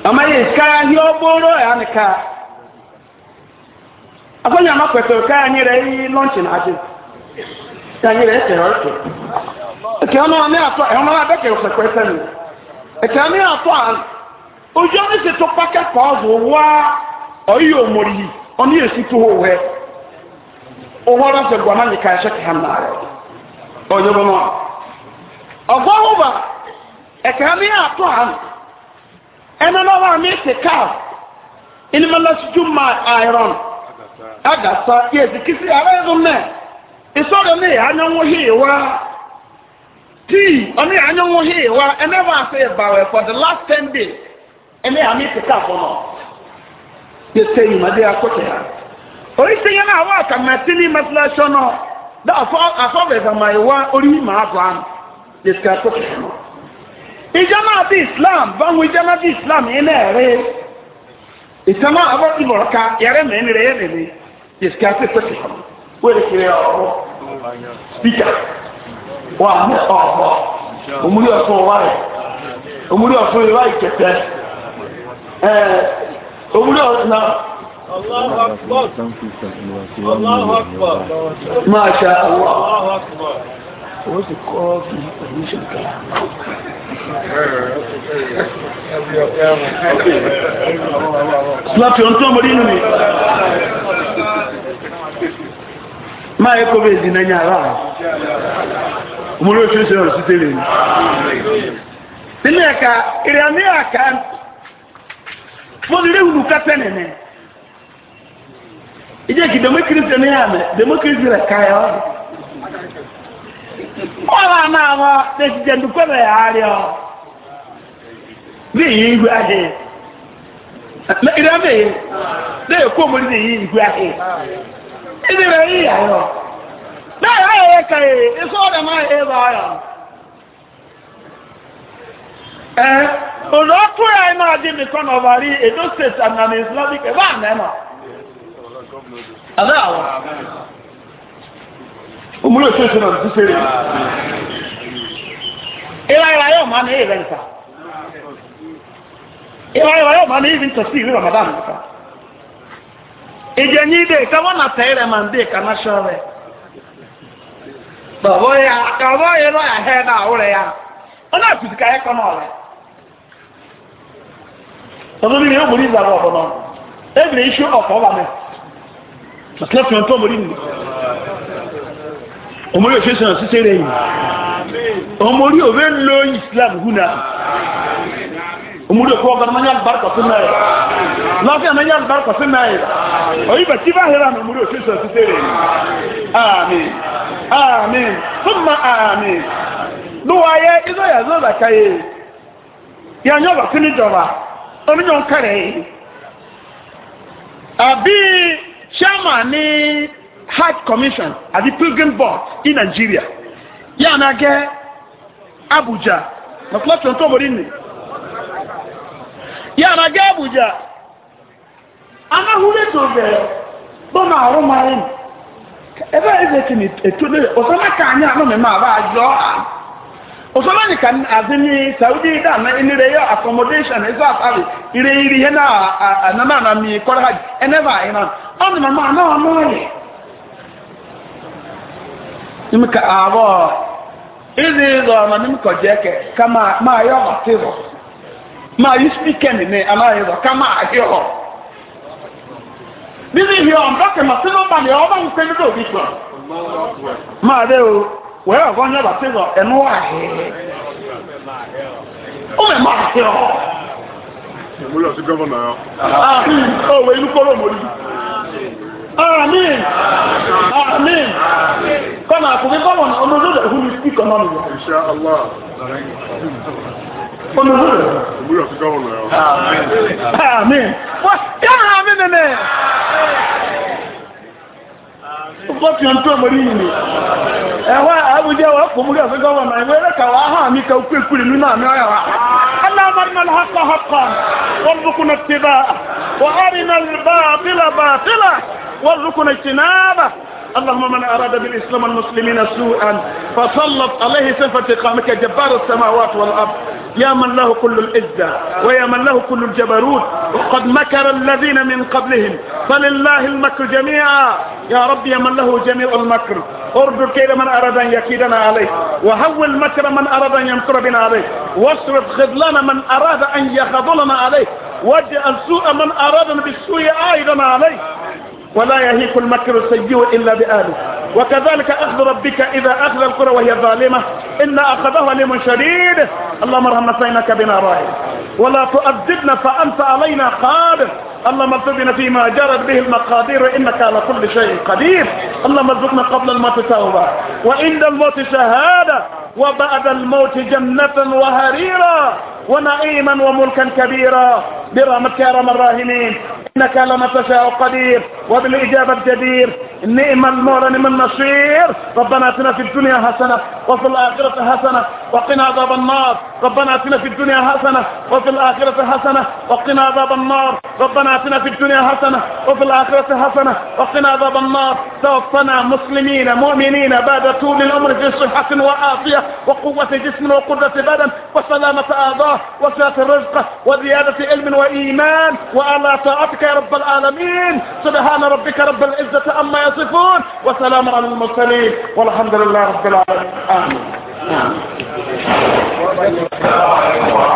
ama yɛ sika yɔ boro ya ni ka akɔnya ma pɛtɛ o ka yɛ nyerɛ yi lɔnchi na adi ya nyerɛ ɛsɛ ɔtɔ ɛkɛ ɔno ne atɔ ɛno abɛ kɛ ɔsɛ pɛtɛ mi ɛkɛ ne atɔ a ojú ɛni ti tó pákẹ́ kɔɔzu wá ɔyi yɛ omori yi ɔni yɛ si tó o wɛ owó ɔlọsɛ gbọmọ ni ka ɛsɛ kɛ hàn náà rẹ. onye bụ nwa ọgwọ ọhụba ẹka mi atọ ha na náà wà mí ti ká ìnumọlọsíjú ma àìrọ̀n agasa ezikisi ara ẹ̀dùn mẹ ìsọdọ ní ìhányánwó hìwá tíì ọní ìhányánwó hìwá ẹnna enewa sẹ ìbàwẹ̀ for the last ten days ẹnna ha oríṣiríṣi náà wà da asọ́bẹ̀ẹ̀fà ma ìwá orí màá bọ̀ ánù lè ṣe àtọ́kù ìjọba àti islam báwọn ìjọba àti islam iná ẹ̀rẹ́ ìtàmà àbọ̀ ìbọ̀rọ̀ká yẹrẹ mẹ́rin rẹ̀ yẹrẹ rẹ̀ lè ṣe àtọ́kù wẹ́rẹ̀ kiri ọ̀rọ̀ spíkà wà mú ọ̀rọ̀ òmúrí ọ̀sán wà rẹ̀ òmúrí ọ̀sán ìwà ìkẹtẹ òmúrí ọ̀sán الله أكبر الله أكبر ما شاء الله الله أكبر وفي permission كلام Slap your tongue, Marino. My cover is in any alarm. Mulu ṣe ṣe ọ̀rọ̀ sí tẹ́lẹ̀ ní. Nínú ẹ̀ka, ìrìn àmì àká, mo lè rí ìlú kẹ́tẹ́ nìyẹn. ije ki demokirisi ni ya me demokirisi rẹ ya ọdọ wọn wà náà wọ lẹsí jẹndùkọ rẹ àárẹ ọ ní ìyí ìgbé ahẹ ìdá bẹyẹ lẹyẹ kó mo ní ìyí ìgbé ahẹ ìdí rẹ ahịa ahịa bẹẹ ayọ yẹ ka e na ahịa ọdọ máa yẹ bá ayọ ẹ ọdọ ọtún edo na islamic e aláwọ̀ òmúlò ìṣèṣe náà ti ṣeré ìwà ìwà yóò máa ní ìrẹ́ nìta ìwà ìwà yóò máa ní ìrìn tẹ̀sí ìrìn ramadan nìta ìjẹ́ ní ìdè ìkẹ́wọ́n tẹ̀ ìrẹ́ máa ń dé ìkànnà ṣọ́ọ̀rẹ́ bàbá yà bàbá yà lọ́yà hẹ́ náà àwòrẹ́ yà ọ̀nà àkùtìkà yẹ kọ́ náà rẹ̀ ọdún mú ní náà ebìrì iṣu sàtìlẹ́tì ọ̀tọ́ ọmọdé nìyí ọmọdé òfin sọ̀rọ̀ sísẹ́ rẹ̀ yìí ọmọdé òfin lo islam húnà ọmọdé òfin ọgbọ̀n mọ́nyá àlùbáríkà fún náà yẹ lọ́fíà mọ́nyá àlùbáríkà fún náà yẹ ọ̀yí bẹ̀ tí bá hẹ́rẹ́ àmì ọmọdé òfin sọ̀rọ̀ sísẹ́ rẹ̀ yìí àmín àmín súnmọ́ àmín lówó ayé ìzọ yàzọ zàkà yìí yìí àbí chairman ní commission àti pilgrim board in nigeria Ya na-aga abuja mọ̀tílọ́tún tó borí nì Ya na-aga abuja anáhùnlé obere bẹ̀rẹ̀ bọ́nà àrùn máa m. ebe eze kìíní etu o ọ̀sán mẹ́ka anyị àná mẹ́mẹ́ àbá àjọ ọha, ọ̀sán mẹ́ni kà àdí ní saudi dáná ìnire accommodation ire iri ihe ọdún màmá àmọ́ ọmọ rẹ̀ nímú ka àwọ̀ ọ, ịzụ ịzụ nímú kọ̀ jẹ́ kẹ̀ ká máa yọ ọ̀rọ̀ tí rọ̀ máa yí spíkẹ̀ nìní aláyé rọ̀ ká máa yọ ọ̀rọ̀ bíbí ìhì ọ̀n na mà sínú ọba ni ọba obi pè nílò òbí o wee ọ̀gọ́n onye tí rọ̀ ẹnu Ụmụ hẹ́ẹ́ ó mo lọ sí gọ́vọ̀nà yọ. Ah, ọ̀wẹ̀ inú kọ́rọ̀ mọ́ ni. àmín àmín kọ́nà àkùnrí gọ́vọ̀nà olóòdòdò ìhùn ní sí kọ́nà nìyẹn. ìṣe àlá olóòdòdò. mo lọ sí gọ́vọ̀nà yọ. àmín. wọ́n yára mi nìyẹn. What you want Marini? And why I would go up for the government? Where the Kawaha, Mika, quickly, Luna, أنا أمرنا الحق حقا وارزقنا اتباعه وأرنا الباطل باطلا وارزقنا اجتنابه اللهم من أراد بالإسلام المسلمين سوءا فسلط عليه صفة إقامك جبار السماوات والأرض يا من له كل العزة ويا من له كل الجبروت وقد مكر الذين من قبلهم فلله المكر جميعا يا رب يا من له جميع المكر اردد كيد من أراد أن يكيدنا عليه وهول مكر من أراد أن يمكر بنا عليه واصرف خذلان من أراد أن يخذلنا عليه واجعل سوء من أرادنا بالسوء عائدا عليه ولا يهيك المكر السيء إلا بأهله وكذلك أخذ ربك إذا أخذ القرى وهي ظالمة إن أخذها لمن شديد اللهم ارحم نسينك بنا رائع ولا تؤذبنا فأنت علينا قادر اللهم ارزقنا فيما جرت به المقادير إنك على كل شيء قدير اللهم ارزقنا قبل الموت توبة وعند الموت شهادة وبعد الموت جنة وهريرا ونعيما وملكا كبيرا برحمتك يا رب الراحمين انك لما تشاء قدير وبالاجابه جدير نعم المولى نعم النصير ربنا اتنا في الدنيا حسنه وفي الاخره حسنه وقنا عذاب النار ربنا اتنا في الدنيا حسنه وفي الاخره حسنه وقنا عذاب النار ربنا اتنا في الدنيا حسنه وفي الاخره حسنه وقنا عذاب النار توفنا مسلمين مؤمنين بعد طول العمر في صحه وعافيه وقوه جسم وقدره بدن وسلامه اعضاء الرزق وسعة الرزق وزيادة علم وإيمان وألا طاعتك يا رب العالمين سبحان ربك رب العزة أما يصفون وسلام على المرسلين والحمد لله رب العالمين آمين, آمين.